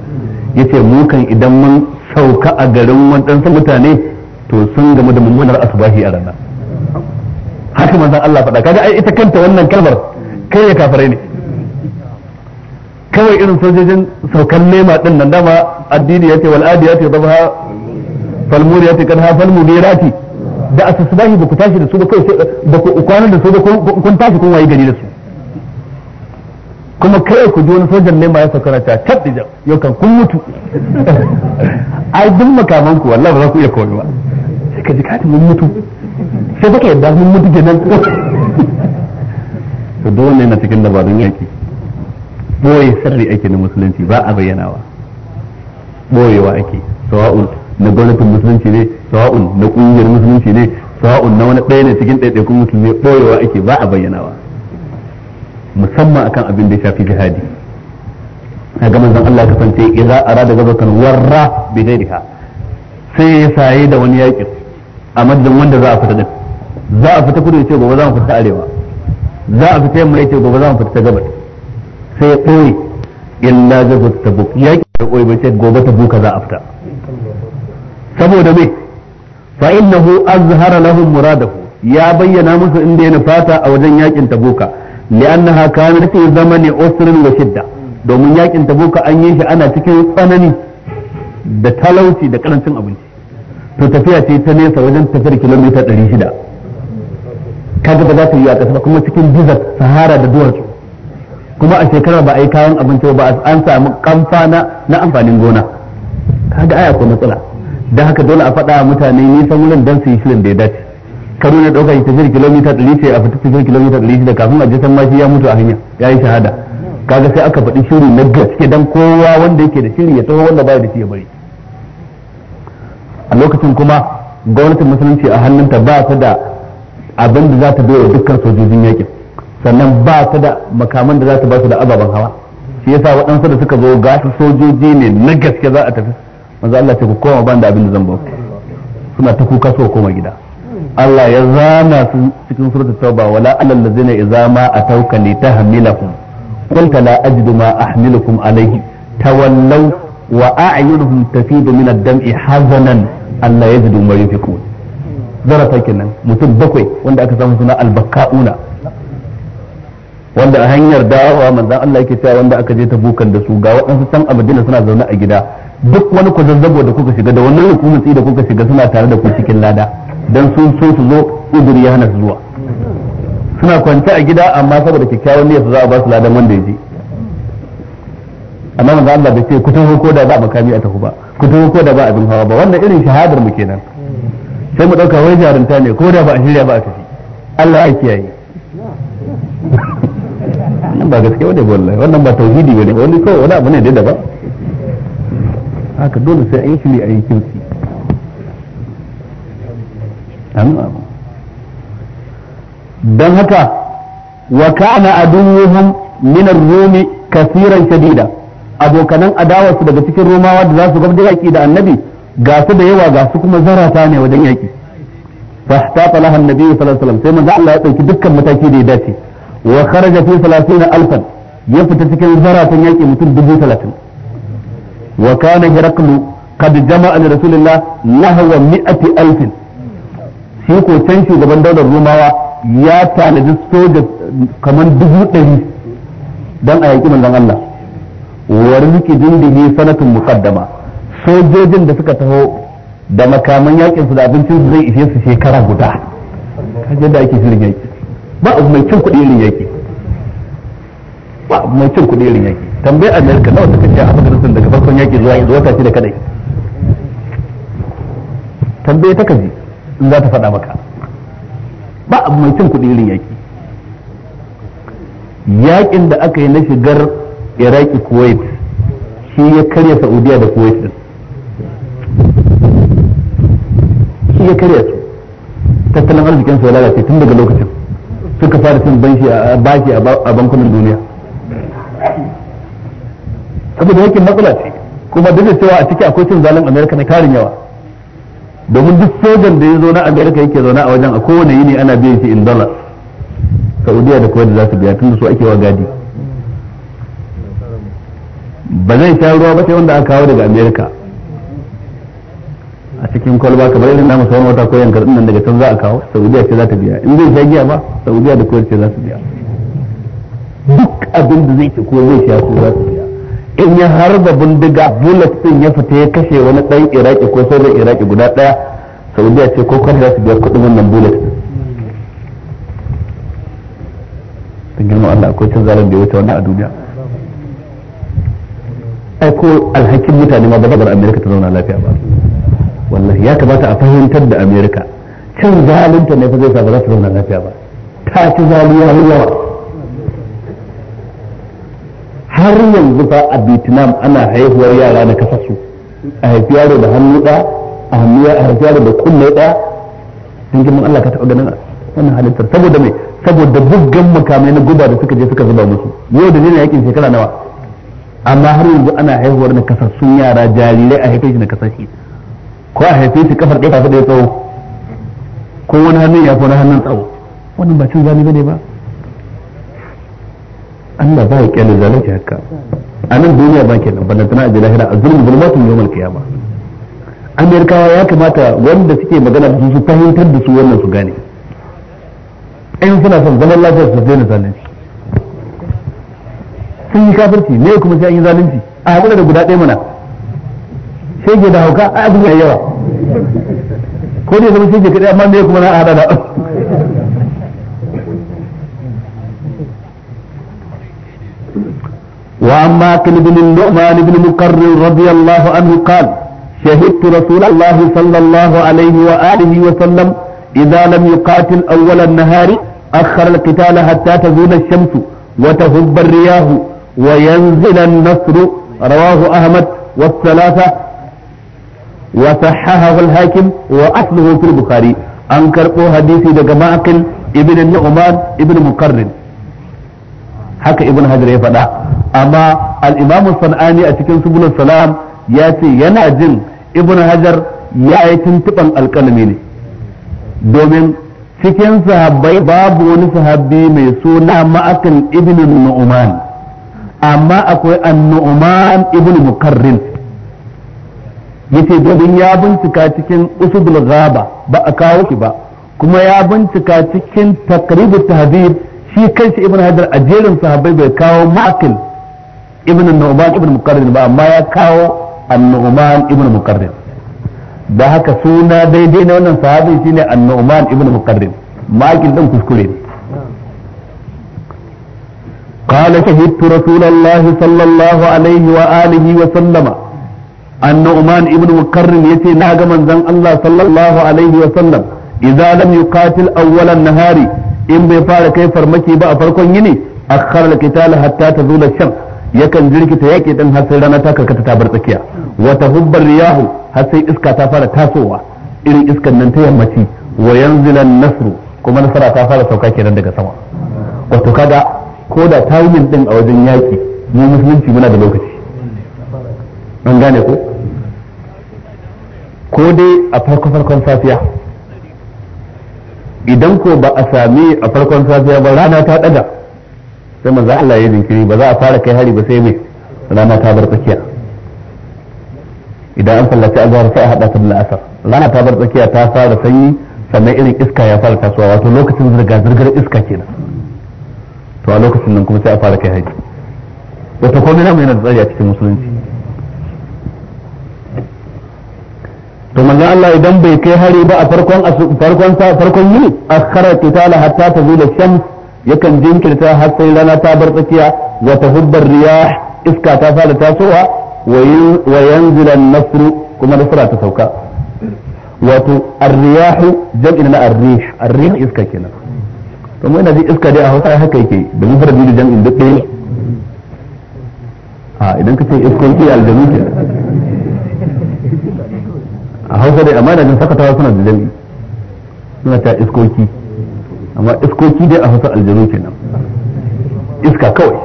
yace mu kan idan mun sauka a garin wadansu mutane to sun gamu da mummunar asbahi a rana haka manzon Allah faɗa kaga ai ita kanta wannan kalmar kai ya kafare ne kawai irin sojojin saukan nema din nan dama addini yace wal adiyati ha falmuriyati kadha falmudirati da asasbahi ba ku tashi da su ba kai ba ku kwanan da su ba kun tashi kun waye gari da su kuma kai ku ji wani sojan nema ya sauka ta da yau kan kun mutu ai duk makaman ku wallahi ba za ku iya komai ba sai ka ji ka mun mutu sai baka yadda mun mutu kenan to duk wannan yana cikin dabarun yaki boye sirri ake na musulunci ba a bayyanawa boyewa ake sawa'un na gwamnatin musulunci ne sawa'un na kungiyar musulunci ne sawa'un na wani ɗaya ne cikin ɗaiɗaikun musulmi boyewa ake ba a bayyanawa musamman akan abin da ya shafi jihadi a ga manzon Allah ka kasance idza arada gabatan warra bi ghairiha sai ya saye da wani yaki a madadin wanda za a fita da za a fita kudu ya ce gobe za mu fita arewa za a fita yamma ya ce gobe za mu fita gabas sai ya in illa gabas ta buk ya ke da ɓoye bai ce gobe ta buka za a fita saboda me fa innahu azhara lahum muradahu ya bayyana musu inda yana fata a wajen yakin tabuka li'annaha kanat fi zamani usrin wa shidda domin yakin buka an yi shi ana cikin tsanani da talauci da karancin abinci to tafiya ce ta nesa wajen tafiyar kilomita 600 kaga ba za ta yi a ƙasa kuma cikin dizar sahara da duwatsu kuma a shekara ba a yi kayan abinci ba an samu kamfa na amfanin gona kaga aya ko matsala don haka dole a faɗa mutane nisan wurin don su yi shirin da ya dace karo na ɗauka ita shirin kilomita ɗari ce a fita tafiyar kilomita ɗari da kafin a jisan mashi ya mutu a hanya ya yi shahada kaga sai aka faɗi shiri na gaske don kowa wanda yake da shiri ya taho wanda ba da shi ya bari a lokacin kuma gwamnatin musulunci a hannunta ba ta da abin da za ta bai dukkan sojojin yakin sannan ba ta da makaman da za ta ba su da ababen hawa shi yasa waɗansu da suka zo ga su sojoji ne na gaske za a tafi manzo Allah ce ku koma ban da abin da zan ba suna ta kuka so koma gida Allah ya zana su cikin suratul tauba wala alal ladzina idza ma atauka li tahmilakum qulta la ajidu ma ahmilukum alayhi tawallaw wa a'yunuhum tafidu min ad-dam'i hazanan alla yajidu ma yunfiqun zarafa kenan mutum bakwai wanda aka samu suna albaka'una wanda a hanyar da'awa manzan Allah yake cewa wanda aka je ta bukan da su ga waɗansu can a Madina suna zaune a gida duk wani zazzabo da kuka shiga da wannan hukumar da kuka shiga suna tare da ku cikin lada dan sun so su zo uduri ya hana su zuwa suna kwance a gida amma saboda kyakkyawan niyyar su za a ba su ladan wanda ya je amma manzan Allah bai ce ku taho ko da ba makami a tafi ba ku taho ko da ba abin hawa ba wannan irin shahadar mu kenan sai mu dauka wai jarunta ne ko da ba a shirya ba a tafi Allah ya kiyaye wannan ba gaskiya bane wallahi wannan ba tauhidi bane wani kawai wani abu ne da daban haka dole sai an shirya ayi kinsi don haka wa kana aduwwuhum min ar-rumi kaseeran shadida abokanan adawarsu daga cikin romawa da za su gabda da annabi ga su da yawa ga su kuma zarata ne wajen yaki fa hata laha annabi sallallahu alaihi wasallam sai manzo Allah ya dauki dukkan mataki da ya dace wa kharaja fi alfan ya fita cikin zaratan yaki mutum 30 wa kana hiraqlu qad jama'a li rasulillah nahwa alfin. shi ko can shugaban daular rumawa ya tanadi soja kamar dubu ɗari don a yaƙi manzon Allah wa rizqi dindihi sanatun muqaddama sojojin da suka taho da makaman yakin su da abincin su zai ishe su shekara guda kaje da ake shirin yaki ba abu mai cin kuɗi irin yaki ba abu mai cin kuɗi irin yaki tambayi amerika nawa suka ce a afganistan daga farkon yaki zuwa yanzu wata da kadai tambaye ta kaji in za ta faɗa maka ba abu mai cin kuɗi irin yaki yakin da aka yi na shigar iraki kuwait shi ya karya saudiya da kuwait din shi ya karya su tattalin arzikin su ya lalace tun daga lokacin suka fara cin banshi a baki a bankunan duniya saboda yake matsala ce kuma duk da cewa a ciki akwai cin zalin amerika na karin yawa domin duk sojan da ya zo na amerika yake zaune a wajen a kowane yini ana biyan shi in dollar saudiya da kuwait za su biya tun da su ake wa gadi ba zai sha ruwa ba sai wanda aka kawo daga amerika a cikin kwalba kamar irin namu sauran wata ko karɗin nan daga can za a kawo saudiya ce za ta biya in zai sha giya ba saudiya da kowace za su biya duk abin da zai ci ko zai sha ko za su biya in ya harba bindiga bullet din ya fita ya kashe wani ɗan iraki ko sauran iraki guda ɗaya saudiya ce ko kwan za su biya kuɗin wannan bullet din ta girma Allah akwai cin zalin da ya wuce wannan a duniya ai ko alhakin mutane ma ba zabar amerika ta zauna lafiya ba wallahi ya kamata a fahimtar da amerika cin zalunta ne fa zai sabu ba za lafiya ba ta ci zaliya yawa har yanzu fa a vietnam ana haihuwar yara na kasa su a haifi yaro da hannu ɗa a hannu ya haifi yaro da kunne ɗa in gina Allah ka taɓa ganin wannan halittar saboda mai saboda buggan makamai na guda da suka je suka zuba musu yau da nuna yakin shekara nawa amma har yanzu ana haihuwar na kasassun yara jarirai a haife shi na kasashe ko a haife shi kafar ɗaya da ya tsawo ko wani hannun ya fi wani hannun tsawo wannan ba cin zalimi ne ba Allah ba ya kyale zalunci haka a nan duniya ba kenan tana a jilahira a zulmi zulmatun yawon kiyama amerikawa ya kamata wanda suke magana da su fahimtar da su wannan su gane in suna son zaman lafiya su daina zalunci sun yi kafirci ne kuma sai an yi zalunci a hakura da guda ɗaya mana shege da hauka a abin yayi yawa ko ne zama amma me kuma na بن النعمان بن مقرر رضي الله عنه قال شهدت رسول الله صلى الله عليه وآله وسلم إذا لم يقاتل أول النهار أخر القتال حتى تزول الشمس وتهب الرياح وينزل النصر رواه أحمد والثلاثة وصححه الحاكم وأصله في an أنكر حديثي daga ma'akin ابن النعمان ابن مقرن haka ibn hajar ya faɗa amma al-imamu sanani a cikin subulus salam ya ce yana jin ibn hajar ya yi tuntuɓan alƙalami ne domin cikin sahabbai babu wani sahabbi mai suna ma'akin ibn nu'man amma akwai an-nu'man ibn mukarrin yace domin ya bincika cikin usudul ghaba ba a kawo shi ba kuma ya bincika cikin takribu tahdhib shi kanshi ibn hajar a jerin sahabbai bai kawo ma'akil ibn nu'man ibn muqarrin ba amma ya kawo an-nu'man ibn muqarrin da haka suna daidai na wannan sahabi shine an-nu'man ibn muqarrin ma'akil din kuskure ne قال شهدت رسول الله صلى الله عليه وآله وسلم annu'man ibn mukarrim yace na ga manzon Allah sallallahu alaihi wa sallam idza lam yuqatil awwalan nahari in bai fara kai farmaki ba a farkon yini akhara al-qital hatta tazula ash-shams yakan jirkita yaki dan har sai rana ta karkata ta bar tsakiya wa tahubbar riyahu har sai iska ta fara tasowa irin iskan nan ta yammaci wa yanzilan nasru kuma nasara ta fara sauka kenan daga sama wato kaga ko da tawil din a wajen yaki mu musulunci muna da lokaci an gane ko ko dai a farko farkon safiya idan ko ba a sami a farkon safiya ba rana ta daga sai maza Allah ya jinkiri ba za a fara kai hari ba sai mai rana ta bar tsakiya idan an fallaci azhar sai a hada ta da asar rana ta bar tsakiya ta fara sanyi sannan irin iska ya fara tasowa wato lokacin zirga zirgar iska kenan to a lokacin nan kuma sai a fara kai hari wato komai na mai na da tsari a cikin musulunci to manzon Allah idan bai kai hari ba a farkon farkon farkon yini akhara qitala hatta tazula shams yakan jinkirta har sai rana ta bar tsakiya wa tahubbar riyah iska ta fara tasowa wa yanzila an-nasr kuma nasara ta sauka wato ar-riyah jam'in na ar-rih ar-rih iska kenan to mu ina ji iska dai a Hausa haka yake da mufarradi da jam'in duk ɗaya a idan ka ce iskoki aljanu kenan a hausa dai amma da jin sakatawa suna da jami'i suna ta iskoki amma iskoki dai a hausa aljanu kenan iska kawai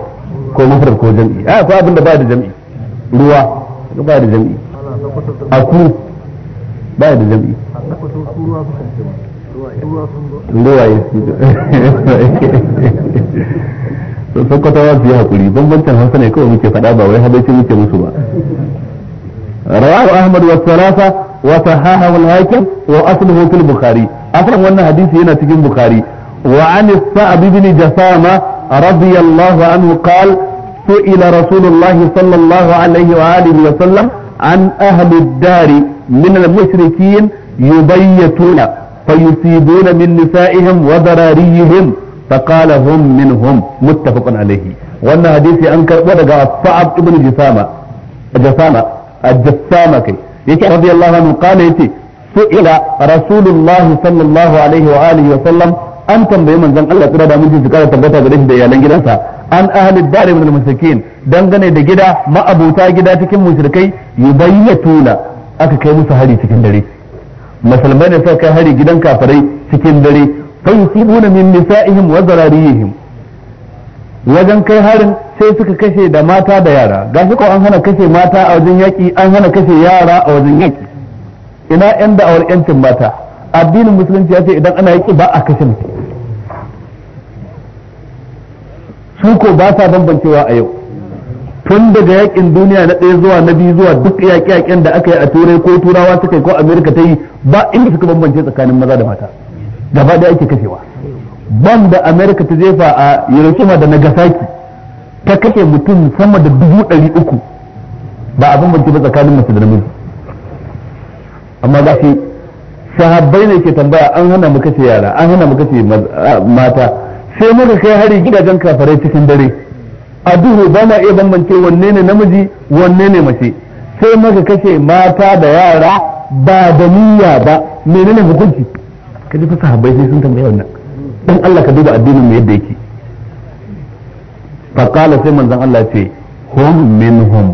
ko mafarar ko jami'i a ko abinda ba da jami'i ruwa ba da jami'i ku ba da jami'i ruwaye su sokotawa su yi haƙuri bambancin hausa ne kawai muke faɗa ba wai habaici muke musu ba رواه أحمد والثلاثة وصححه الهيثم وأصله في البخاري أصلا وأن حديث هنا في البخاري وعن الصعب بن جسامة رضي الله عنه قال سئل رسول الله صلى الله عليه وآله وسلم عن أهل الدار من المشركين يبيتون فيصيبون من نسائهم وذراريهم فقال هم منهم متفق عليه وأن حديث أنكر ودقى الصعب بن جسامة جسامة الجسامة كي يكي رضي الله عنه قال يتي سئل رسول الله صلى الله عليه وآله وسلم an tambayi manzan Allah tsira da mun ji kara tabbata gare shi da iyalan gidansa an ahli dari min al dangane da gida ma'abuta gida cikin mushrikai tuna aka kai musu hari cikin dare musulmai ne suka kai hari gidan kafirai cikin dare fa yusibuna min nisa'ihim wajen kai harin sai suka kashe da mata da yara gashi ko an hana kashe mata a wajen yaƙi an hana kashe yara a wajen yaƙi ina yan da'awar yancin mata addinin musulunci ya ce idan ana yaƙi ba a kashe mutum su ko ba sa bambancewa a yau tun daga yakin duniya na ɗaya zuwa na biyu zuwa duk yaƙi yaƙen da aka yi a turai ko turawa suka yi ko amerika ta yi ba inda suka bambance tsakanin maza da mata gaba ɗaya ake kashewa ban da amerika ta jefa a yarushima da nagasaki ta kashe mutum sama da dubu ɗari uku ba abin banki ba tsakanin mace da namiji amma za shi sahabbai ne ke tambaya an hana mu kashe yara an hana mu kashe mata sai muka kai hari gidajen kafarai cikin dare a duhu ba ma iya bambance wanne ne namiji wanne ne mace sai muka kashe mata da yara ba da niyya ba menene hukunci kaji fa sahabbai sai sun tambaya wannan dan Allah ka duba addinin mu yadda yake faƙala sai manzon Allah ce hum minhum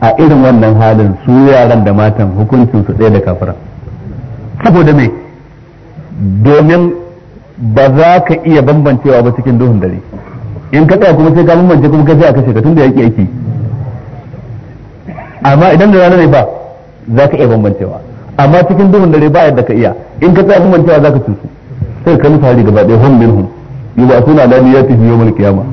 a irin wannan halin su yaran da matan hukuncin su ɗaya da kafira saboda me domin ba za ka iya bambancewa ba cikin duhun dare in ka tsaya kuma sai ka bambance kuma ka sai a kashe ka tunda yake yake amma idan da rana ne ba za ka iya bambancewa amma cikin duhun dare ba yadda ka iya in ka tsaya bambancewa za ka cutu sai ka nufa hari gaba ɗaya hum minhum yubasuna la niyatihi yawmal mulkiyama.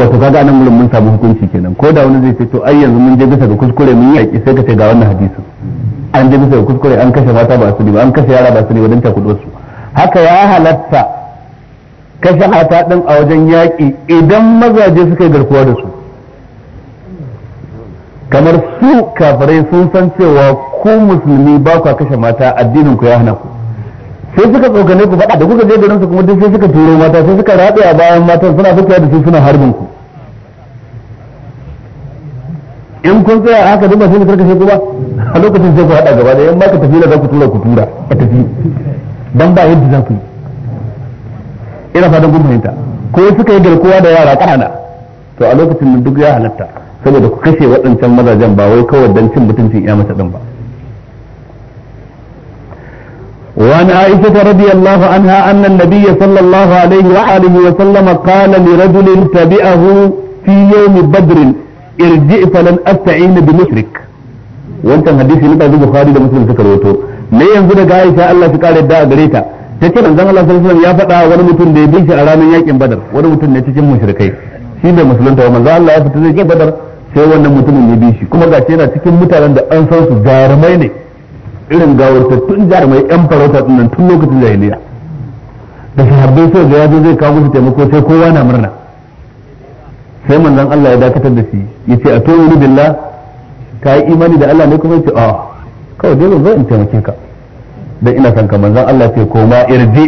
wato kaga nan gurin mun samu hukunci kenan ko da wani zai ce to ai yanzu mun je bisa ga kuskure mun yaki sai ka ce ga wannan hadisin an je bisa ga kuskure an kashe mata ba su ne ba an kashe yara ba su ne wajen takudo su haka ya halatta kashe mata din a wajen yaki idan mazaje suka yi garkuwa da su kamar su kafirai sun san cewa ku musulmi ba ku kashe mata addinin ku ya hana ku sai suka tsokane ku faɗa da kuka je garin su kuma duk sai suka turo mata sai suka rabe a bayan matan suna fitowa da su suna harbin ku in kun tsaya haka duk masu karka sai kuma a lokacin sai ku haɗa gaba da yamma ka tafi da za ku tura ku tura ka tafi dan ba yadda za ku yi ina fatan kun fahimta ko suka yi garkuwa da yara ƙana to a lokacin duk ya halatta saboda ku kashe waɗancan mazajen ba wai kawai dan cin mutuncin ya mace ɗin ba وعن عائشة رضي الله عنها أن النبي صلى الله عليه وآله وسلم قال لرجل تبعه في يوم بدر ارجع فلن أستعين بمشرك wancan hadisi na tafi bukhari da muslim suka rawaito me yanzu daga aisha Allah ta kare da gare ta tace manzon Allah sallallahu ya fada wani mutum da ya bi shi a yakin badar wani mutum ne cikin mushrikai shi bai musulunta ba manzon Allah ya fita zai ke badar sai wannan mutumin ya bi kuma gashi yana cikin mutanen da an jarumai ne irin gawartattun mai yan farauta tunan tun lokacin jahiliya da sahabbai sai ga yazo zai kawo musu taimako sai kowa na murna sai manzon Allah ya dakatar da shi yace a to wani billah ka yi imani da Allah ne kuma yace a ah, kawai dai ban zo in taimake ka dan ina son ka manzon Allah ce koma irji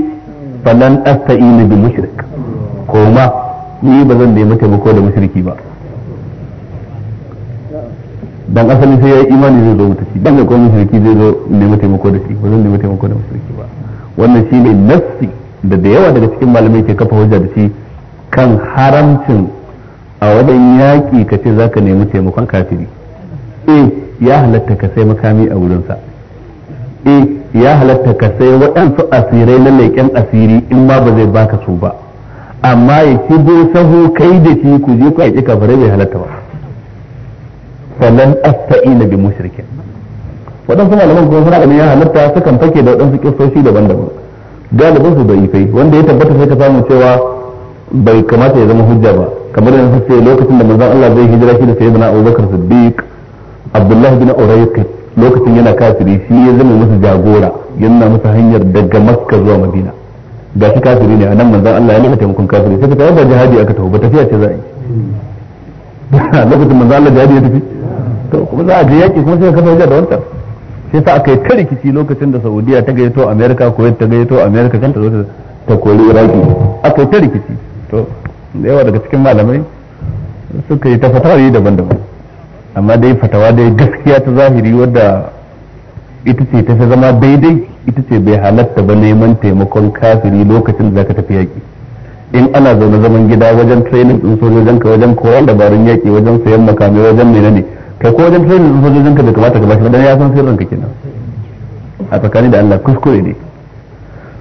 falan asta'inu bil mushrik koma ni ba zan nemi taimako da mushriki ba dan asali sai ya yi imani zai zo mutaci dan ga kuma shirki zai zo nemi taimako da shi ba zan nemi taimako da shirki ba wannan shi ne nafsi da da yawa daga cikin malamai ke kafa hujja da shi kan haramcin a wajen yaki kace zaka nemi taimakon kafiri eh ya halatta ka sai makami a sa eh ya halatta ka sai waɗansu asirai na leƙen asiri in ma ba zai baka su ba amma ya shigo sahu kai da shi ku je ku aiki kafare bai halatta ba falan asta'ina bi mushrikin waɗansu malaman kuma suna ganin ya halatta sukan fake da waɗansu kisoshi daban-daban galibin su bai fai wanda ya tabbata sai ka samu cewa bai kamata ya zama hujja ba kamar yanzu ce lokacin da manzon Allah zai hijira shi da sayyidina Abubakar Siddiq Abdullah bin Urayq lokacin yana kafiri shi ya zama musu jagora yana musu hanyar daga Makka zuwa Madina ga shi kafiri ne anan manzon Allah ya nuna taimakon kafiri sai ka ba jihadi aka tafi ba tafiya ce za a yi lokacin manzon Allah jihadi ya tafi to kuma za a je yaki kuma sai ka fahimtar da wancan sai sa aka yi ta rikici lokacin da saudiya ta gayyato amerika ko ta amerika kan ta zo ta kori iraki aka yi ta rikici to da yawa daga cikin malamai suka yi ta fatawa daban-daban amma dai fatawa dai gaskiya ta zahiri wadda ita ce ta fi zama daidai ita ce bai halatta ba neman taimakon kafiri lokacin da zaka tafi yaki in ana zaune zaman gida wajen training din sojojin ka wajen koyon dabarun yaki wajen sayan makamai wajen menene ne Ka ko wajen training din sojojin ka da kamata ka bashi dan ya san sirrin ka kenan a tsakani da Allah kuskure ne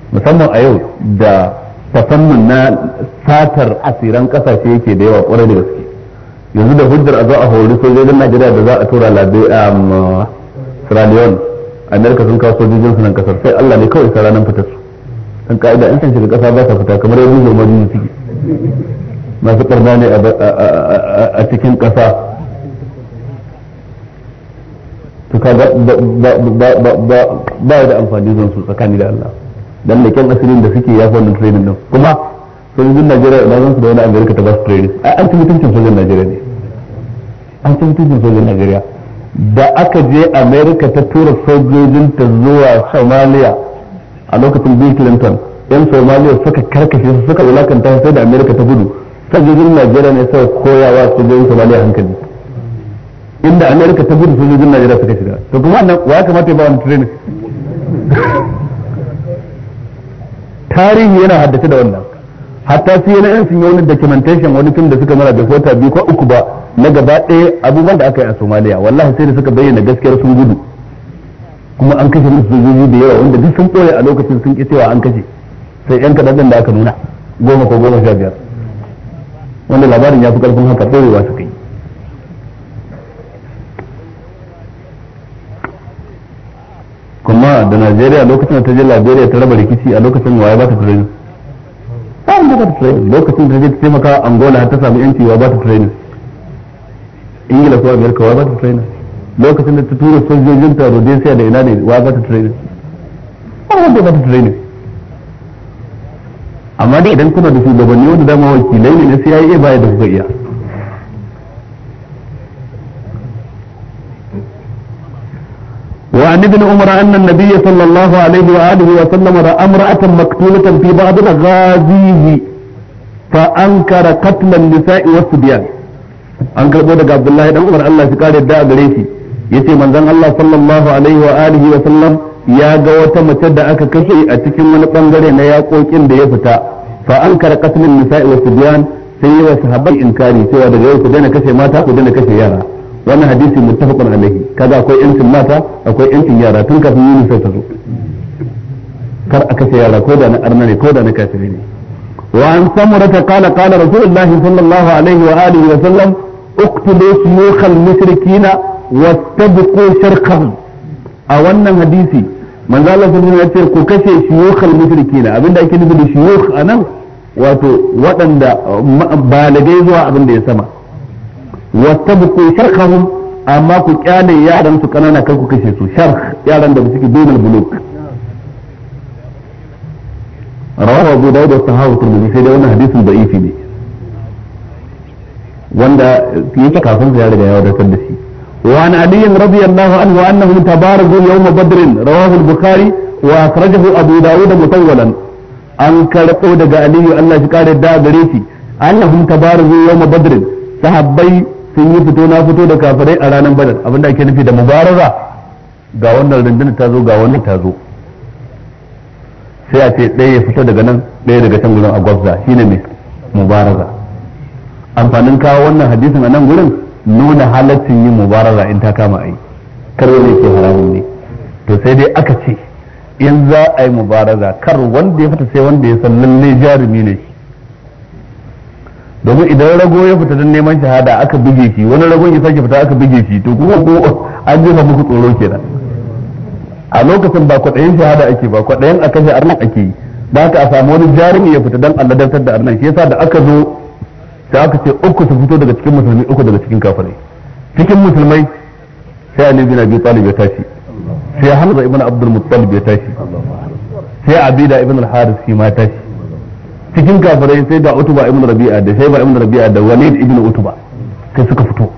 musamman a yau da tafannin na satar asiran kasashe yake da yawa kwarai da gaske yanzu da hujjar a zo a hori sojojin Najeriya da za a tura Liberia um, Sierra Leone Amerika sun kawo sojojin su nan kasar sai Allah ne kawai sa ranar fitar su kan ka'ida in san shiga kasa ba ta fita kamar yanzu zurmaji suke masu barna ne a cikin kasa su ka ba da amfani zan su tsakani da Allah dan kyan asirin da suke ya fi training din kuma sojojin Najeriya da zan su da wani Amerika ta ba su training a an cikin mutuncin sojojin Najeriya ne an cikin mutuncin sojojin Najeriya da aka je Amerika ta tura sojojin ta zuwa Somalia a lokacin Bill Clinton yan Somalia suka karkashe su suka wulakanta sai da Amerika ta gudu sojojin Najeriya ne suka koyawa sojojin Somalia hankali inda amerika ta gudu sojojin najeriya suka shiga to kuma nan wa ya kamata ya ba wani training tarihi yana haddace da wannan hatta sai na yan sun wani documentation wani film da suka mara da kota biyu ko uku ba na gaba ɗaya abubuwan da aka yi a somaliya wallahi sai da suka bayyana gaskiyar sun gudu kuma an kashe musu sojoji da yawa wanda duk sun ɓoye a lokacin sun ƙi cewa an kashe sai yan kaɗan da aka nuna goma ko goma sha biyar wanda labarin ya fi ƙarfin haka ɗorewa su da Najeriya lokacin da ta je Liberia ta raba rikici a lokacin waye ba ta training sai ba ta training lokacin da ta je ta taimaka Angola har ta samu yanci wa ba ta training Ingila ko Amerika wa ba ta training lokacin da ta tura sojojin ta Rhodesia da Inani ne wa ba ta training ba wanda ba ta training amma dai idan kuna da shugabanni wanda dama wakilai ne na CIA ba ya da kuka iya وعن ابن عمر أن النبي صلى الله عليه وآله وسلم رأى امرأة مقتولة في بعض غازيه فأنكر قتل النساء والصبيان an karɓo daga abdullahi dan umar allah shi kare da a gare shi ce manzon allah sallallahu alaihi wa wa sallam ya ga wata mace da aka kashe a cikin wani bangare na yakokin da ya fita fa an kara qatlin nisa'i wa subyan sai yi wa sahabbai inkari cewa daga yau ku daina kashe mata ku daina kashe yara wannan hadisi muttafaqun alaihi kaga akwai yancin mata akwai yancin yara tun kafin yuni sai ta zo kar a kashe yara ko da na arna ne ko da na kafiri ne wa an samurata qala qala rasulullahi sallallahu alaihi wa alihi wa sallam اقتلوا شيوخ المشركين واتبقوا شرقهم a wannan hadisi manzo Allah sun ya ce ku kashe shiyukhal mushrikina abinda ake nufi da shiyukh anan wato waɗanda balagai zuwa abin da ya sama wastabqu sharhum amma ku kyale yaran su kanana kar ku kashe su sharh yaran da suke dunal buluk rawahu abu dawud wa sahahu tirmidhi sai dai wannan hadisin da'ifi ne wanda yake kafin ya riga ya wadatar da shi وعن علي رضي الله عنه أنهم تبارزوا يوم بدر رواه البخاري وأخرجه أبو داود مطولا أن كرقوا دقى علي الله شكار الداء بريسي أنهم تبارزوا يوم بدر sahabbai sun yi fito na fito da kafirai a ranar badar abinda ake nufi da mubaraza ga wannan rundunar ta zo ga wannan ta zo sai a ce ɗaya ya fito daga nan ɗaya daga can gudun a shi ne mai mubaraza amfanin kawo wannan hadisin a nan gurin nuna halaccin yin mubaraza in ta kama a yi kar wanda ke haramun ne to sai dai aka ce in za a yi mubaraza kar wanda ya fita sai wanda ya san lalle jarumi ne domin idan rago ya fita don neman shahada aka bige shi wani ragon ya sake fita aka bige shi to kuma ko an jefa muku tsoro kenan a lokacin ba kwaɗayin shahada ake ba kwaɗayin a kashe arnan ake yi ba ka a samu wani jarumi ya fita don Allah dantar da arnan shi yasa da aka zo sai aka ce uku su fito daga cikin musulmi uku daga cikin kafirai cikin musulmai sai Ali bin Abi Talib ya tashi sai Hamza ibn Abdul Muttalib ya tashi sai Abida ibn al-Harith shi ma tashi cikin kafirai sai da utuba ibn rabi'a da shayba ibn rabi'a da walid ibn utuba sai suka fito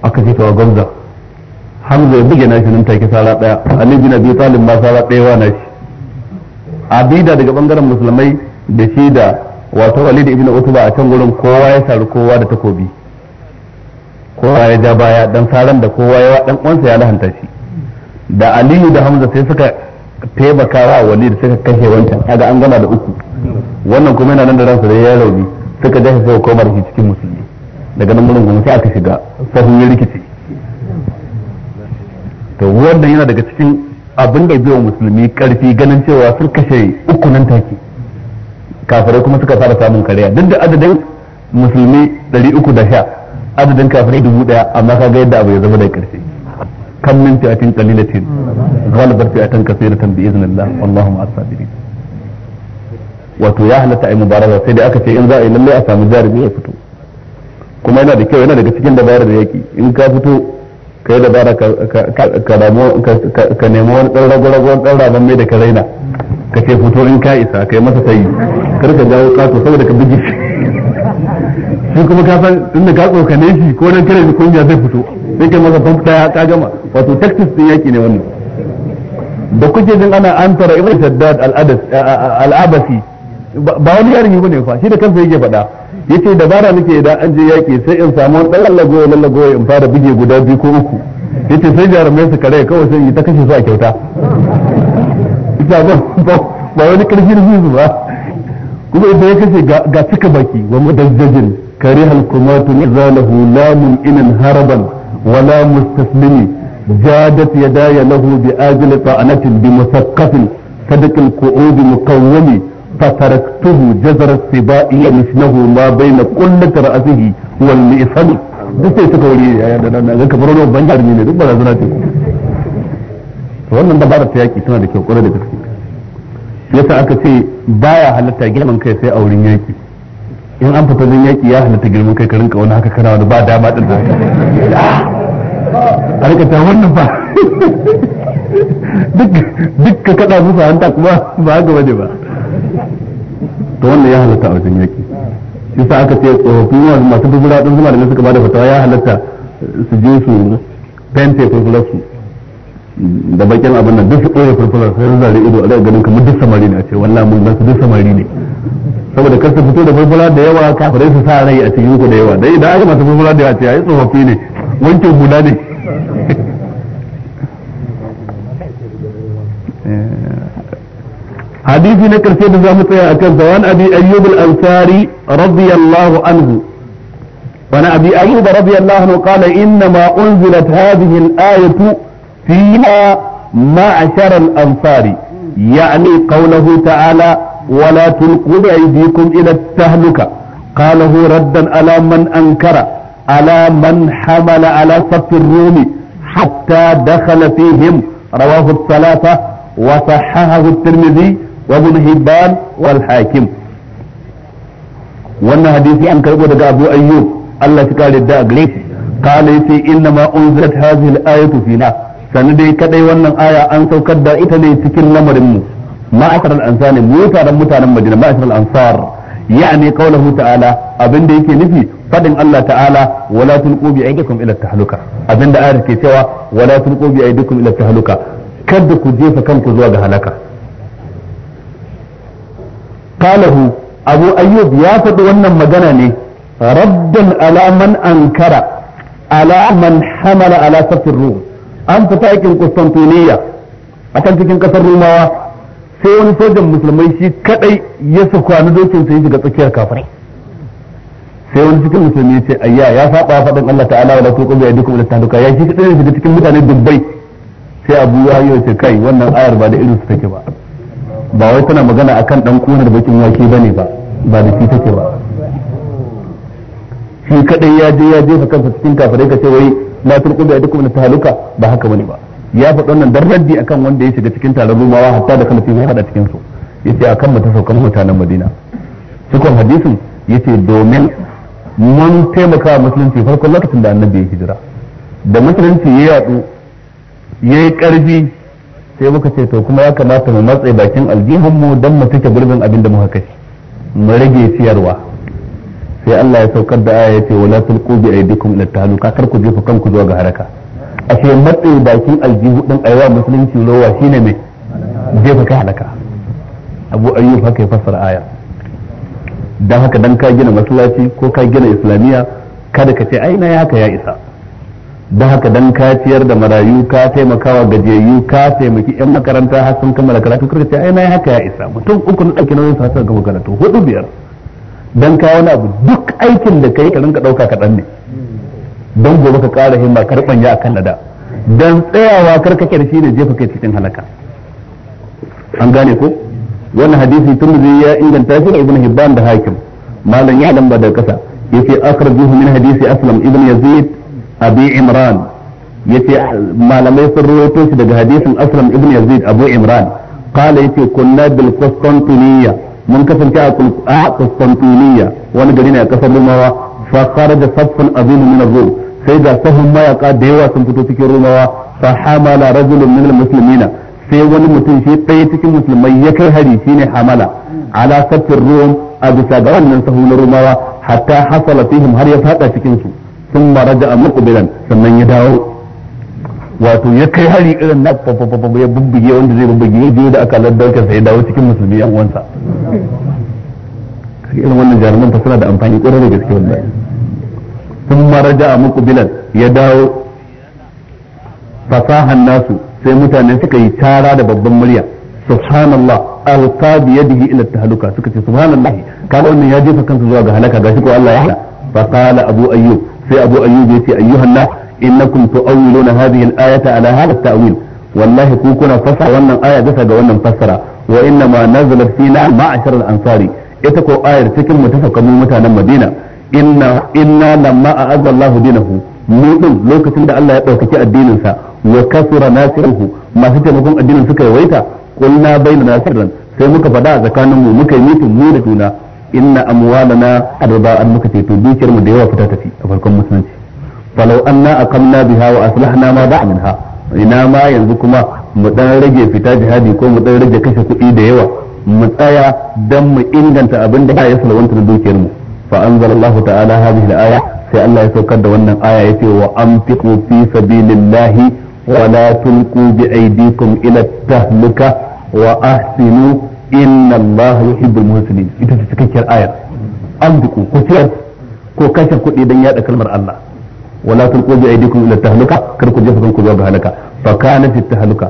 aka ce tawa gwamza hamza ya buge nashi nan take sara daya ali bin abi talib ma sara daya wa nashi abida daga bangaren musulmai da shi da wato walid ibn utuba a can gurin kowa ya saru kowa da takobi kowa ya ja baya dan saran da kowa ya dan uwansa ya lahanta shi da aliyu da hamza sai suka taimakawa da suka kashe wancan kaga an gama da uku wannan kuma yana nan da ransa da ya rauni suka dace sai koma da cikin musulmi daga nan gurin sai aka shiga sahun ya rikici to wannan yana daga cikin abin da biyo musulmi karfi ganin cewa sun kashe uku nan take kafirai kuma suka fara samun kariya duk da adadin musulmi 310 adadin kafirai 1000 amma kaga yadda abu ya zama da karfi كم من فئة قليلة غلبت فئة كثيرة بإذن الله والله مع الصابرين wato ya halatta a yi mubaraza sai dai aka ce in za a yi lallai a samu jarumi ya fito kuma yana da kyau yana daga cikin dabarar yaki in ka fito ka yi dabara ka nemo wani ɗan rago-rago ɗan ragon mai da ka raina ka ce fito in ka isa kai masa yi kar ka jawo kato saboda ka bugi shi kuma ka san inda ka tsokane shi ko nan kare ya zai fito sai kai masa pump daya ka gama wato tactics din yaki ne wannan da kuke jin ana an tara ibn saddad al-abasi ba wani yarin yi bane fa shi da kansa yake faɗa yace dabara nake idan an je yaki sai in samu wani dan lallagoye lallagoye in fara buge guda biyu ko uku yace sai jarumai su kare kawai sai yi ta kashe su a kyauta fita ba ba wani karfin zuzu ba kuma idan ya kace ga cika baki wa mudajjajin karihal kumatun izalahu lamun inan haraban wala mustaslimi jadat yadaya lahu bi ajli ta'anatin bi musaqqafin صدق القعود مقومي فتركته جزر السباء يمشنه ما بين قلة رأسه والمئسن duk sai suka wuri ya yada nan ga kamar wani ban jarumi ne duk ba za su wannan ba ta yaki tana da kyau kwarai da gaske yasa aka ce baya halatta girman kai sai a wurin yaki in an fita zan yaki ya halatta girman kai ka rinka wani haka kana wani ba dama din da a rika ta wannan ba duk ka kada musu hanta kuma ba haka bane ba to wannan ya halatta a wajen yaki yasa aka ce tsofaffin masu dubura din zuma da suka da fatawa ya halatta su je su fente ko su da bakin abin nan duk su ɓoye furfurar sai zare ido a ganin kamar duk samari ne a ce wallahi mun gan duk samari ne saboda kar su fito da furfura da yawa kafirai su sa rai a cikin ku da yawa dai idan aka mata furfura da yawa ce ai tsofaffi ne wanke hula ne hadisi na karshe da zamu tsaya akan sa wani abi ayyub al-ansari radiyallahu anhu abi ayyub radiyallahu anhu الله inna ma unzilat hadhihi al ayatu. فيها معشر الأنصار يعني قوله تعالى ولا تلقوا بأيديكم إلى التهلكة قاله ردا على من أنكر على من حمل على صف الروم حتى دخل فيهم رواه الثلاثة وصححه الترمذي وابن هبان والحاكم wannan hadisi an karbo daga Abu Ayyub Allah ya kare da gare قال يتي إنما أنزلت هذه الآية فينا sani dai kadai wannan aya an saukar da ita ne cikin lamarin mu ma'asar al-ansar mutanen Madina ma'asar al-ansar ne kaulahu ta'ala abinda yake nufi fadin Allah ta'ala wala tulqu bi aydikum ila tahluka abinda ayar ke cewa wala tulqu bi aydikum ila tahluka kada ku jefa kanku zuwa ga halaka kalahu abu ayyub ya faɗi wannan magana ne raddan ala man ankara ala man hamala ala safir ruh an fita aikin Constantinople a kan cikin kasar Rumawa sai wani sojan musulmai shi kadai ya sakwani dokin sai shiga tsakiyar kafirai sai wani cikin musulmi ce ayya ya saba faɗin Allah ta'ala wala tuqum ya aidikum ila tahluka ya shi kadai shiga cikin mutane dubbai sai Abu Yahya ce kai wannan ayar ba da irin su take ba ba wai tana magana akan dan kunar bakin wake bane ba ba da shi take ba shi kadai ya je ya jefa kansa cikin kafirai ka ce wai la turqu bi aidikum tahaluka ba haka bane ba ya faɗi wannan dan raddi akan wanda ya shiga cikin taron rumawa hatta da kalafi ya hada cikin su yace akan mu ta mutanen Madina cikon hadisin yace domin mun taimaka musulunci farkon lokacin da annabi ya hijira da musulunci ya yadu ya yi karfi sai muka ce to kuma ya kamata mu matse bakin aljihun mu dan mu take gurbin abin da muka kai mu rage siyarwa sai Allah ya saukar da aya yace wala tulqu bi aydikum ila taluka kar ku jefa kanku zuwa ga haraka sai matsi bakin aljihu din aiwa musulunci rawa shine me jefa ka halaka abu ayyub haka ya fassara aya dan haka dan ka gina masallaci ko ka gina islamiya kada ka ce ai na haka ya isa da haka dan ka ciyar da marayu ka taimakawa gajiyayyu ka taimaki yan makaranta har sun kammala karatu ka ce ai na haka ya isa mutum uku na ɗauki nauyin sa ga karatu hudu biyar dan kawo wani abu duk aikin da kai ka ɗauka kaɗan ne don gobe ka ƙara himma karban ya da nada don tsayawa karka ka shi ne jefa kai cikin halaka an gane ko wannan hadisi turmizi ya inganta shi da ibn hibban da hakim malam ya lamba da kasa yace akhrajuhu min hadisi aslam ibn yazid abi imran yace malamai sun rawaito shi daga hadisin aslam ibn yazid abu imran qala yace kunna bil qustantiniya mun kasance a Constantinople wani gari ne a kasar rumawa fa da saffin azim min ar-rum sai ga sahun mayaka da yawa sun fito cikin rumawa fa hamala rajulun min al-muslimina sai wani mutum shi ɗaya cikin musulmai ya kai hari shine hamala ala saffin rum a bisa ga wannan sahun Romawa hatta hasala fihim har ya fada cikin su sun maraja a muqbilan sannan ya dawo wato ya kai hari irin na fafafafa ya bubbuge wanda zai bubbuge ya biyo da aka laddarka sai dawo cikin musulmi yan uwansa irin wannan jaruman ta suna da amfani ƙwarar da gaske wallahi sun maraja a muku bilal ya dawo fasahan nasu sai mutane suka yi tara da babban murya subhanallah alqa bi yadihi ila tahluka suka ce subhanallah kaga wannan ya jefa kansa zuwa ga halaka gashi ko Allah ya hada fa qala abu ayyub sai abu ayyub yace ayyuhan nas innakum tu'awwiluna hadhihi al-ayata ala hadha at-ta'wil wallahi ku kuna fassara wannan aya bisa ga wannan fassara wa inna ma nazalat na ma'ashar al-ansari ita ko ayar cikin mu ta mutanen Madina inna inna lamma a'azza Allahu dinahu mu din lokacin da Allah ya ɗaukaki addinin sa wa kasura nasiruhu masu taimakon addinin suka yawaita bai bainana nasirran sai muka fada a tsakanin mu muka yi mitin mu da juna inna amwalana arba'an muka ce to dukiyar mu da yawa fita tafi a farkon musulunci falau a aqamna biha wa aslahna ma ba minha ina ma yanzu kuma mu dan rage fita jihadi ko mu dan rage kashe kuɗi da yawa mu tsaya dan mu inganta abin da ya salwanta dukiyar mu fa anzalallahu ta'ala hadhihi al-aya sai Allah ya saukar da wannan aya yace wa anfiqu fi sabilillahi wa la tulqu bi aydikum ila tahluka wa ahsinu inna Allah yuhibbul muhsinin ita ce cikakkiyar aya an ku ciyar ko kashe kuɗi dan yada kalmar Allah wala tulqu bi aydikum ila tahluka kar ku jefa kanku zuwa ga halaka fa kana fi tahluka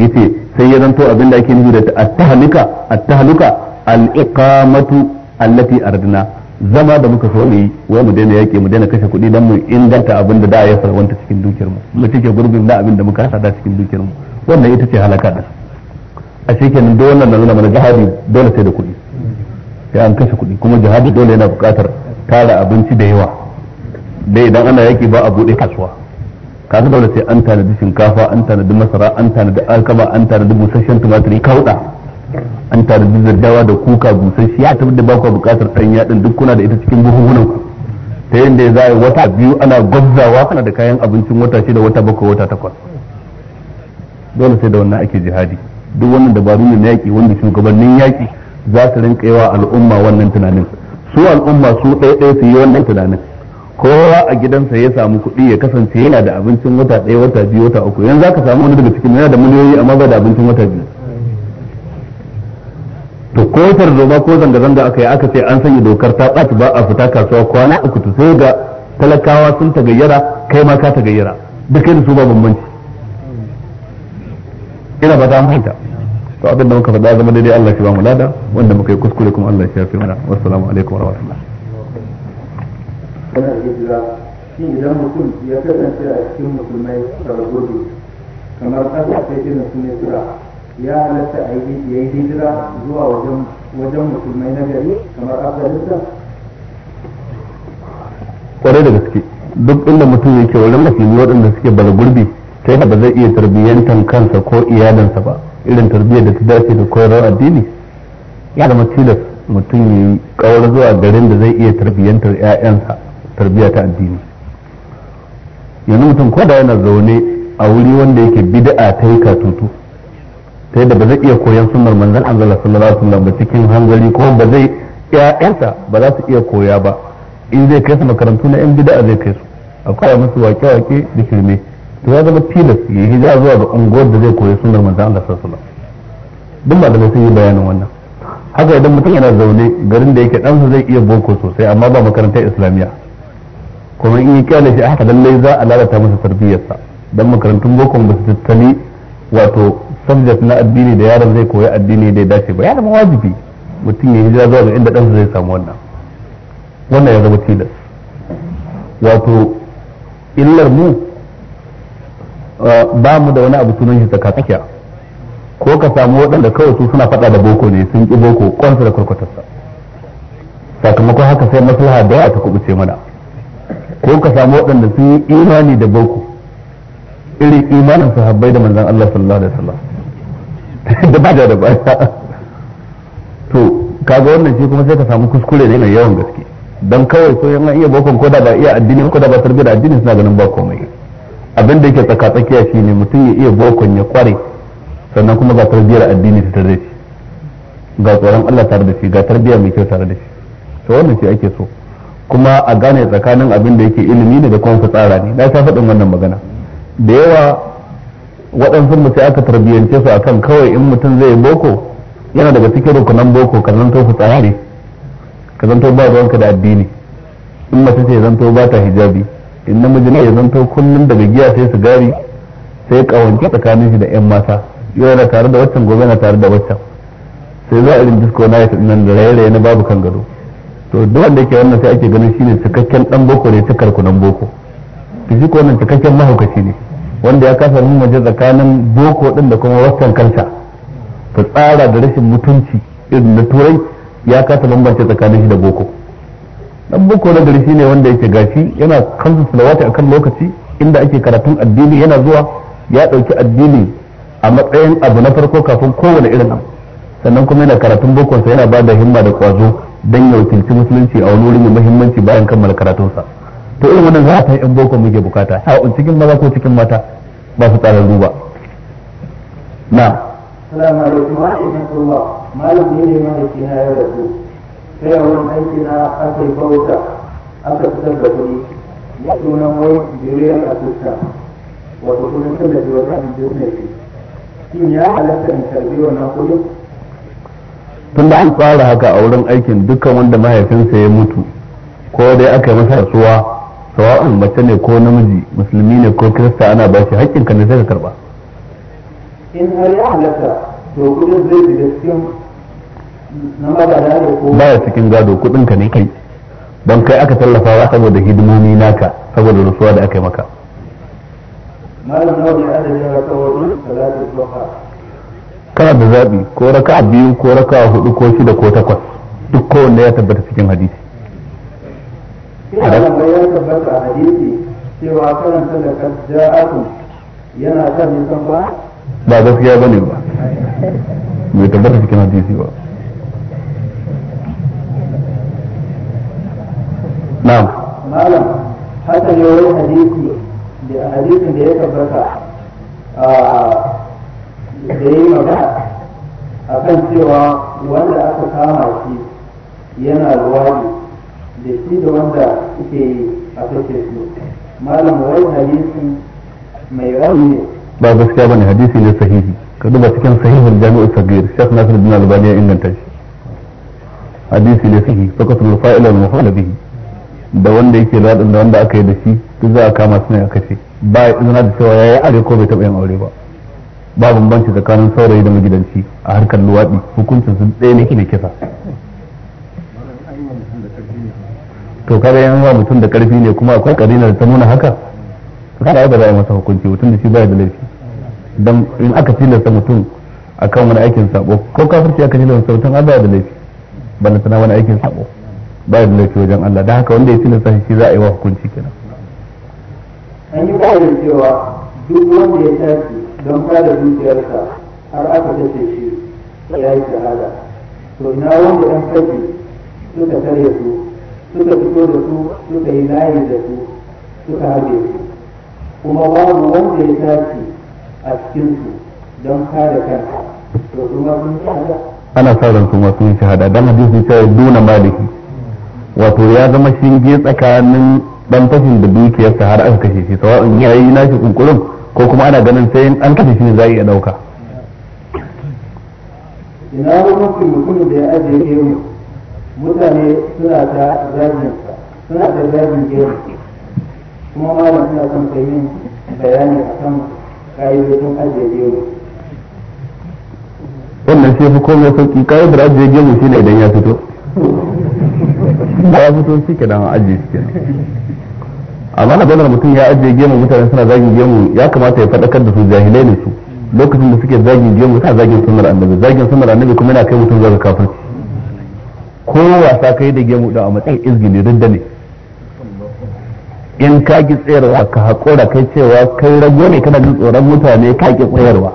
yace sai ya zanto abin da ake da tahluka at-tahluka al-iqamatu allati ardna zama da muka so mu yi wai mu daina yaƙi mu daina kashe kuɗi dan mu inganta abin da da ya sarwanta cikin dukiyar mu mu cike gurbin da abin da muka hada cikin dukiyar mu wannan ita ce halaka da a shekenin dole wannan nuna mana jihadi dole sai da kuɗi sai an kashe kuɗi kuma jihadi dole yana buƙatar tara abinci da yawa dai idan ana yaki ba a bude kasuwa ga dole sai an tanadi shinkafa an tanadi masara an tanadi alkama an tanadi busasshen tumatiri kauda an tanadi zardawa da kuka busasshe ya tabbata ba ku bukatar sanya din duk kuna da ita cikin buhuhunan ku ta yadda za a yi wata biyu ana gwazzawa kana da kayan abincin wata shida wata bakwai wata takwas dole sai da wannan ake jihadi duk wannan dabaru ne na yaki wanda shugabannin yaki za su rinka yawa al'umma wannan tunanin su al'umma su ɗaya ɗaya su yi wannan tunanin kowa a gidansa ya samu kuɗi ya kasance yana da abincin wata ɗaya wata biyu wata uku yanzu za ka samu wani daga cikin yana da miliyoyi amma ba da abincin wata biyu to ko tarzoma ko zanga-zanga aka yi aka ce an sanya dokar ta ɓaci ba a fita kasuwa kwana uku ta sai ga talakawa sun tagayyara kai ma ka tagayyara da kai da su ba bambanci ina ba ta mahita to abin da muka faɗa zama daidai Allah shi ba mu lada wanda muka yi kuskure kuma Allah shi ya fi mana wassalamu alaikum wa rahmatullah wajen hijira shi idan mutum ya kasance a cikin musulmai gurbi kamar ƙasashe irin su misira ya halatta a yi hijira zuwa wajen musulmai na gari kamar afghanistan kwarai da gaske duk inda mutum yake wajen musulmi waɗanda suke balagurbi sai ba zai iya tarbiyyantar kansa ko iyalansa ba irin tarbiyyar da ta dace da koyarwar addini ya zama tilas mutum ya yi kawar zuwa garin da zai iya tarbiyyantar 'ya'yansa tarbiyya ta addini yanzu mutum ko da yana zaune a wuri wanda yake bid'a ta yi katutu ta yadda ba zai iya koyan sunnar an zala sallallahu alaihi wasallam ba cikin hanzari ko ba zai ƴaƴansa ba za su iya koya ba in zai kai su makarantu na yan bid'a zai kai su akwai masu wake-wake da shirme to ya zama tilas ya yi hijira zuwa ga unguwar da zai koyi sunnar manzan Allah sallallahu alaihi wasallam duk malamai sun yi bayanin wannan haka idan mutum yana zaune garin da yake ɗansa zai iya boko sosai amma ba makarantar islamiyya kuma in yi kyale shi haka lallai za a lalata masa tarbiyyarsa dan makarantun boko ba su tattali wato subject na addini da yaron zai koyi addini da ya dace ba ya zama wajibi mutum ya hijira zuwa ga inda ɗansu zai samu wannan wannan ya zama tilas wato illar mu ba mu da wani abu sunan shi tsakatsakiya ko ka samu waɗanda kawai su suna faɗa da boko ne sun ƙi boko kwansa da kurkutarsa sakamakon haka sai maslaha da ya ta kuɓuce mana ko ka samu waɗanda sun yi imani da boko irin imanin sahabbai da manzan Allah sallallahu alaihi wasallam da ba da ba to kaga wannan shi kuma sai ka samu kuskure ne mai yawan gaske dan kawai so yana iya bokon ko da ba iya addini ko da ba tarbi da addini suna ganin ba komai abin da yake tsaka tsakiya shine mutum ya iya bokon ya kware sannan kuma ga tarbiyar addini ta tare shi ga tsoron Allah tare da shi ga tarbiyar mai kyau tare da shi to wannan shi ake so kuma a gane tsakanin abin da yake ilimi ne da kuma fitsara ne na sha faɗin wannan magana da yawa waɗansu mu aka tarbiyyance su akan kawai in mutum zai yi boko yana daga cikin rukunan boko ka zanto fitsara ne ka zanto ba ruwanka da addini in mace ce zanto ba ta hijabi in namiji ne ya zanto kullum daga giya sai sigari sai kawance tsakanin shi da yan mata yau yana tare da waccan gobe yana tare da waccan sai za a irin disko na ya tafi nan da raye-raye na babu kan gado to duk wanda yake wannan sai ake ganin shine cikakken dan boko ne cikar ku dan boko to shi ko wannan cikakken mahaukaci ne wanda ya kasa mun waje tsakanin boko din da kuma western kansa ta tsara da rashin mutunci irin na turai ya kasa bace tsakanin shi da boko dan boko na gari shine wanda yake gashi yana kansu salawati akan lokaci inda ake karatun addini yana zuwa ya dauki addini a matsayin abu na farko kafin kowane irin nan sannan kuma yana karatun bokonsa yana ba da himma da kwazo dan ya wakilci musulunci a wani wuri mai muhimmanci bayan kammala karatunsa to irin wannan za a ta yan boko muke bukata a cikin maza ko cikin mata ba su tsararru ba na salamu alaikum wa rahmatullah malam ne ne mai kina ya rasu sai a wurin aiki na aka yi bauta aka fitar da kuɗi ya sunan wai jiriyar asusta wato kuɗin tallafi wannan jiriyar shi ya halatta in karbi wannan kuɗin tunda an tsara haka a wurin aikin dukkan wanda mahaifinsa ya mutu ko dai aka yi masa rasuwa sawa'un mace ne ko namiji musulmi ne ko kirista ana ba shi haƙƙin ka ne karba in har ya halatta to kudin zai shiga cikin na magana da ko baya cikin gado kudin ka ne kai don kai aka tallafa wa saboda hidimomi naka saboda rasuwa da aka yi maka malam nawa ne adadin rakawa salatul duha kana da zabi ko raka a biyu ko raka a hudu ko shida ko takwas duk kowanne ya tabbata cikin hadisi ina da ya tabbata a hadisi cewa karan sadaka ja'atu yana kan nisan ba ba gaskiya bane ba bai tabbata cikin hadisi ba na'am malam haka ne wani hadisi da hadisin da ya tabbata ah, da ya yi magana a kan cewa wanda aka kama shi yana ruwani da shi da wanda suke yi a kashe su malam wai hadisi mai rauni ba gaskiya bane hadisi ne sahihi ka duba cikin sahihul jami'u sagir shek nasir bin albani ya inganta shi hadisi ne sahihi fakatul fa'ila wal muhalla bihi da wanda yake radin da wanda aka yi da shi duk za a kama su ne a kashe ba izina da cewa yayi aure ko bai taɓa yin aure ba ba bambanci tsakanin saurayi da magidanci a harkar luwaɗi hukuncin sun ɗaya ne da kisa to kaga yan wa mutum da karfi ne kuma akwai karina da ta nuna haka to kaga ba za a masa hukunci mutum da shi baya da laifi dan in aka tilasta mutum akan wani aikin sabo ko kafirci aka tilasta mutum a baya da laifi balla tana wani aikin sabo baya da laifi wajen Allah dan haka wanda ya tilasta shi za a yi wa hukunci kenan an yi ƙarin cewa duk wanda ya tashi don ba da dukiyarsa har aka dace shi ya yi shahada to ina wanda ɗan kaji suka karya su suka fito da su suka yi layi da su suka haɗe su kuma babu wanda ya tashi a cikinsu don kare kansa to ma sun shahada ana sauran su masu yin shahada don hadisi ta duna maliki wato ya zama shinge tsakanin dan fashin da dukiyarsa har aka kashe shi sawa'in yayi nashi kunkurin ko kuma ana ganin sai an kashe shi ne za a iya ɗauka ina mafi mutumin da ya ajiye gero mutane suna ta zagin suna ta zagin gero kuma malam suna son ka yi bayani kan ka'idodin ajiye gero wannan sai fi komai kayan da ajiye gero shine idan ya fito ya fito shi ke dan ajiye shi kenan amma na ganin mutum ya ajiye gemu mutane suna zagin gemu ya kamata ya faɗakar da su jahilai ne su lokacin da suke zagin gemu suna zagin sunnar annabi zagin sunnar annabi kuma yana kai mutum zaga kafirci ko wasa kai da gemu da a matsayin ne ridda ne in ka ki tsayarwa ka haƙura kai cewa kai rago ne kana jin tsoron mutane ka ki tsayarwa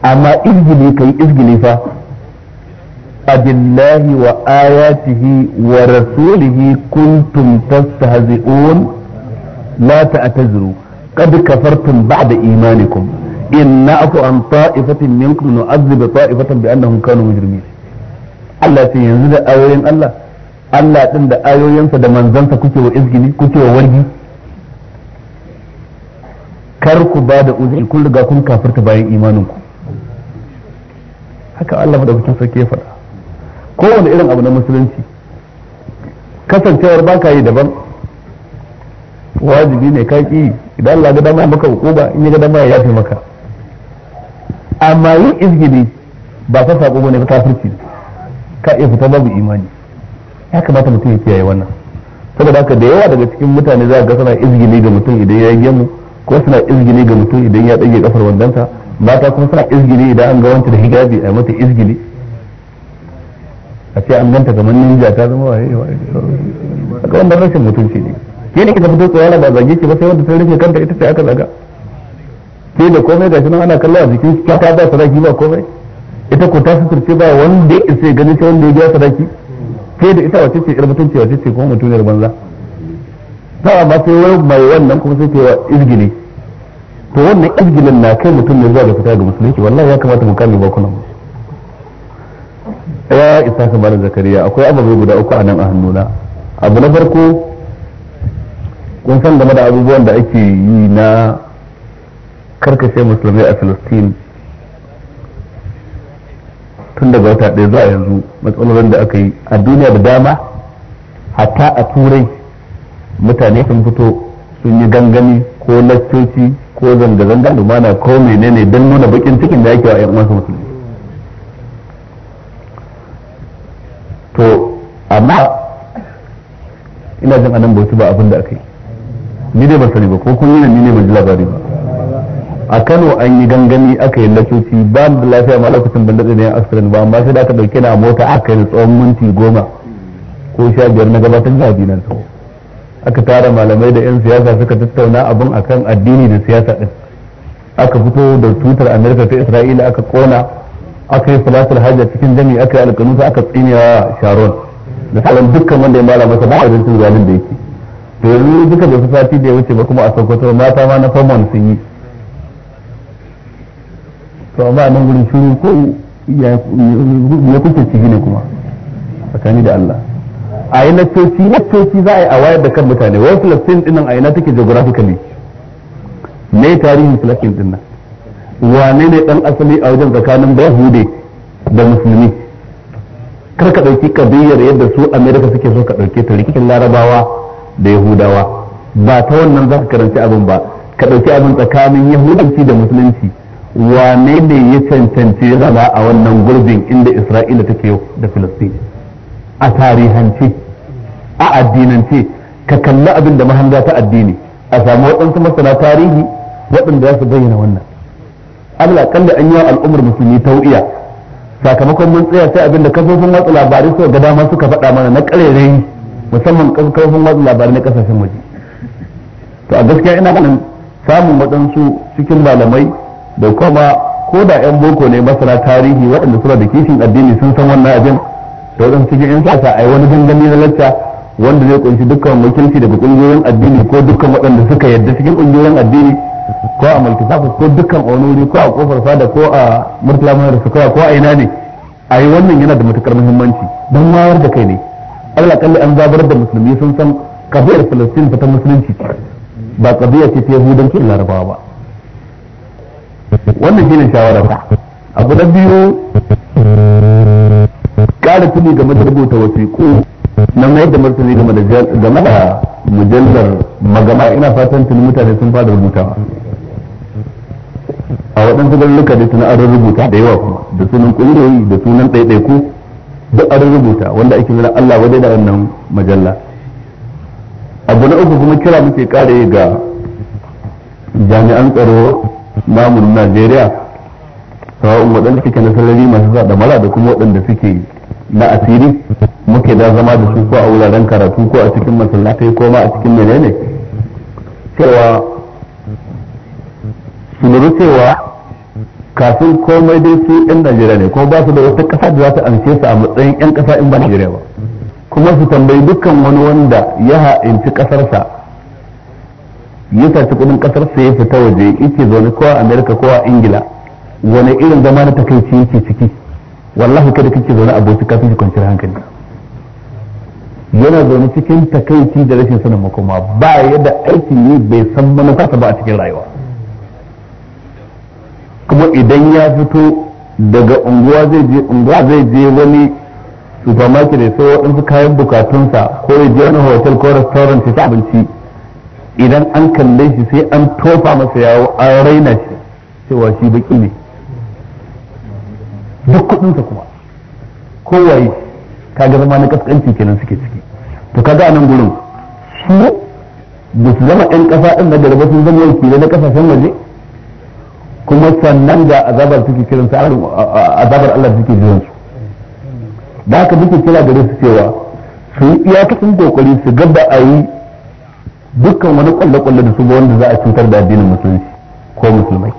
amma izgili kai izgili fa abillahi wa ayatihi wa rasulihi kuntum tastahzi'un la ta'tazuru qad kafartum ba'da imanikum in na'fu an ta'ifatin minkum nu'adhib ta'ifatan bi annahum kanu mujrimin Allah sai yanzu da ayoyin Allah Allah din da ayoyinsa da manzansa kuke wa izgini kuke wa wargi kar ku ba da uzuri kun riga kun kafirta bayan imaninku haka Allah madaukakin ya faɗa kowane irin abu na musulunci kasancewar baka yi daban wajibi ne ka ki idan Allah ga dama maka hukuma in ya ga dama ya yafe maka amma yin izgidi ba ta sako bane ka kafirci ka iya fita babu imani ya kamata mutum ya kiyaye wannan saboda haka da yawa daga cikin mutane za ga suna izgili ga mutum idan ya gemu ko suna izgili ga mutum idan ya dage kafar wandanta mata kuma suna izgili idan an ga wanta da hijabi a mata izgili a ce an ganta kamar ninja ta zama waye waye a ga wanda rashin mutunci ne ke ne kika fito tsayara ba zage ki ba sai wanda ta rufe kanta ita sai aka zaga sai da komai gashi nan ana kallon a jikin shi ta ba sadaki ba komai ita ko ta suturce ba wanda ya isa ganin sai wanda ya biya sadaki sai da ita wace ce yar mutunci wace ce kuma mutuniyar banza ta amma sai wani mai wannan kuma sai cewa izgine to wannan izginin na kai mutum ne zuwa ga fita ga musulunci wallahi ya kamata mu kame ba mu ya isa kamar zakariya akwai ababai guda uku a nan a hannuna abu na farko kun san game da abubuwan da ake yi na karkashe musulmai a filistin tun daga wata ɗaya zuwa yanzu matsalolin da aka yi a duniya da dama hatta a turai mutane sun fito sun yi gangami ko lakcoci ko zanga-zanga mana ko menene don nuna bakin cikin da yake wa 'yan masu musulmi to amma ina jin anan bautu ba abin da aka yi ni dai ban sani ba ko kun yi ni ne ban ji labari ba a Kano an yi gangami aka yi lacoci ba da lafiya ma lokacin ban daɗe ne asirin ba amma sai da aka dauke na mota aka yi tsawon minti goma ko sha biyar na gabatar da addinan sau aka tara malamai da 'yan siyasa suka tattauna abin akan addini da siyasa din aka fito da tutar amerika ta isra'ila aka kona aka yi salatul hajji cikin jami aka yi alkanusa aka tsinewa sharon da sauran dukkan wanda ya mara masa ba a zancin da yake to yanzu duka da sati da ya wuce ba kuma a sokoto mata ma na famon sun yi to amma nan gurin shuru ko ya kuke ci ne kuma tsakani da Allah a yi nasoci nasoci za a yi a wayar da kan mutane wai filastin dinnan a ina take geographically ne tarihi filastin dinnan wane ne dan asali a wajen tsakanin yahude da musulmi kar ka ɗauki kabiyar yadda su amerika suke so ka dauke ta rikicin larabawa da yahudawa ba ta wannan za ka karanci abin ba ka ɗauki abin tsakanin yahudanci da musulunci wane ne ya cancanci zama a wannan gurbin inda isra'ila take yau da filistin a tarihance a addinance ka kalli abin da mahanga ta addini a samu waɗansu masana tarihi waɗanda za su bayyana wannan allah kalli an yi al'ummar musulmi tau'iya sakamakon mun tsaya sai abin da kafofin watsa labarai suka ga dama suka faɗa mana na ƙarerayi musamman kafin wasu labarai na kasashen waje to a gaskiya ina ganin samun waɗansu cikin malamai da kuma ko da 'yan boko ne masana tarihi waɗanda suna da kishin addini sun san wannan abin da waɗansu cikin 'yan sasa a yi wani gangami na lacca wanda zai kunshi dukkan wakilci daga ƙungiyoyin addini ko dukkan waɗanda suka yarda cikin ƙungiyoyin addini ko a mulkisafus ko dukkan onuri ko a kofar sada ko a murtala manar ko a ina ne a yi wannan yana da matukar muhimmanci don wayar da kai ne Allah kalli an zabar da musulmi sun san kabiyar falastin ta musulunci ba kabiyar ce ta yahudancin larabawa ba wannan shine shawarar ta abu na biyu kada tuni game da rubuta wasiƙu na mai da martani game da game mujallar magama ina fatan tuni mutane sun fara rubutawa a waɗansu garuruka da tuni an rubuta da yawa kuma da sunan kungiyoyi da sunan ɗaiɗaiku duk an rubuta wanda ake nuna Allah wadai da wannan majalla abu na uku kuma kira muke kare ga jami'an tsaro namun Najeriya sawa'un waɗanda suke na sarari masu sa mala da kuma waɗanda suke na asiri muke da zama da su ko a wuraren karatu ko a cikin masallatai ko ma a cikin menene cewa su cewa kafin komai dai su yan Najeriya ne kuma ba su da wata kasa da za ta amshe su a matsayin yan kasa in ba Najeriya ba kuma su tambayi dukkan wani wanda ya ha'inci ƙasarsa ya saci kudin ƙasarsa ya fita waje yake zaune ko a Amerika ko a Ingila wani irin zama na takaici yake ciki wallahi kada kake zaune a Bauchi kafin shi kwanciyar hankali yana zaune cikin takaici da rashin sanin makoma ba yadda aikin yi bai san manufarsa ba a cikin rayuwa kuma idan ya fito daga unguwa zai je unguwa zai je wani supermarket ya sai waɗansu kayan bukatunsa ko ya je wani hotel ko restaurant ya ci abinci idan an kalle shi sai an tofa masa yawo an raina shi cewa shi baki ne duk kuɗinsa kuma kowaye kaga zama na kaskanci kenan suke ciki to kaga nan gurin su ba su zama 'yan ƙasa ɗin na garba sun zama wakilai na ƙasashen waje kuma sannan da azabar suke kiran sa azabar Allah suke jiran su da haka muke kira gare su cewa su yi iyakacin kokari su gaba a yi dukkan wani kwalle-kwalle da su ba wanda za a cutar da addinin musulunci ko musulmai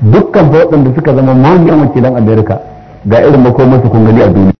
dukkan waɗanda suka zama manyan wakilan amerika ga irin makomarsu kun gani a duniya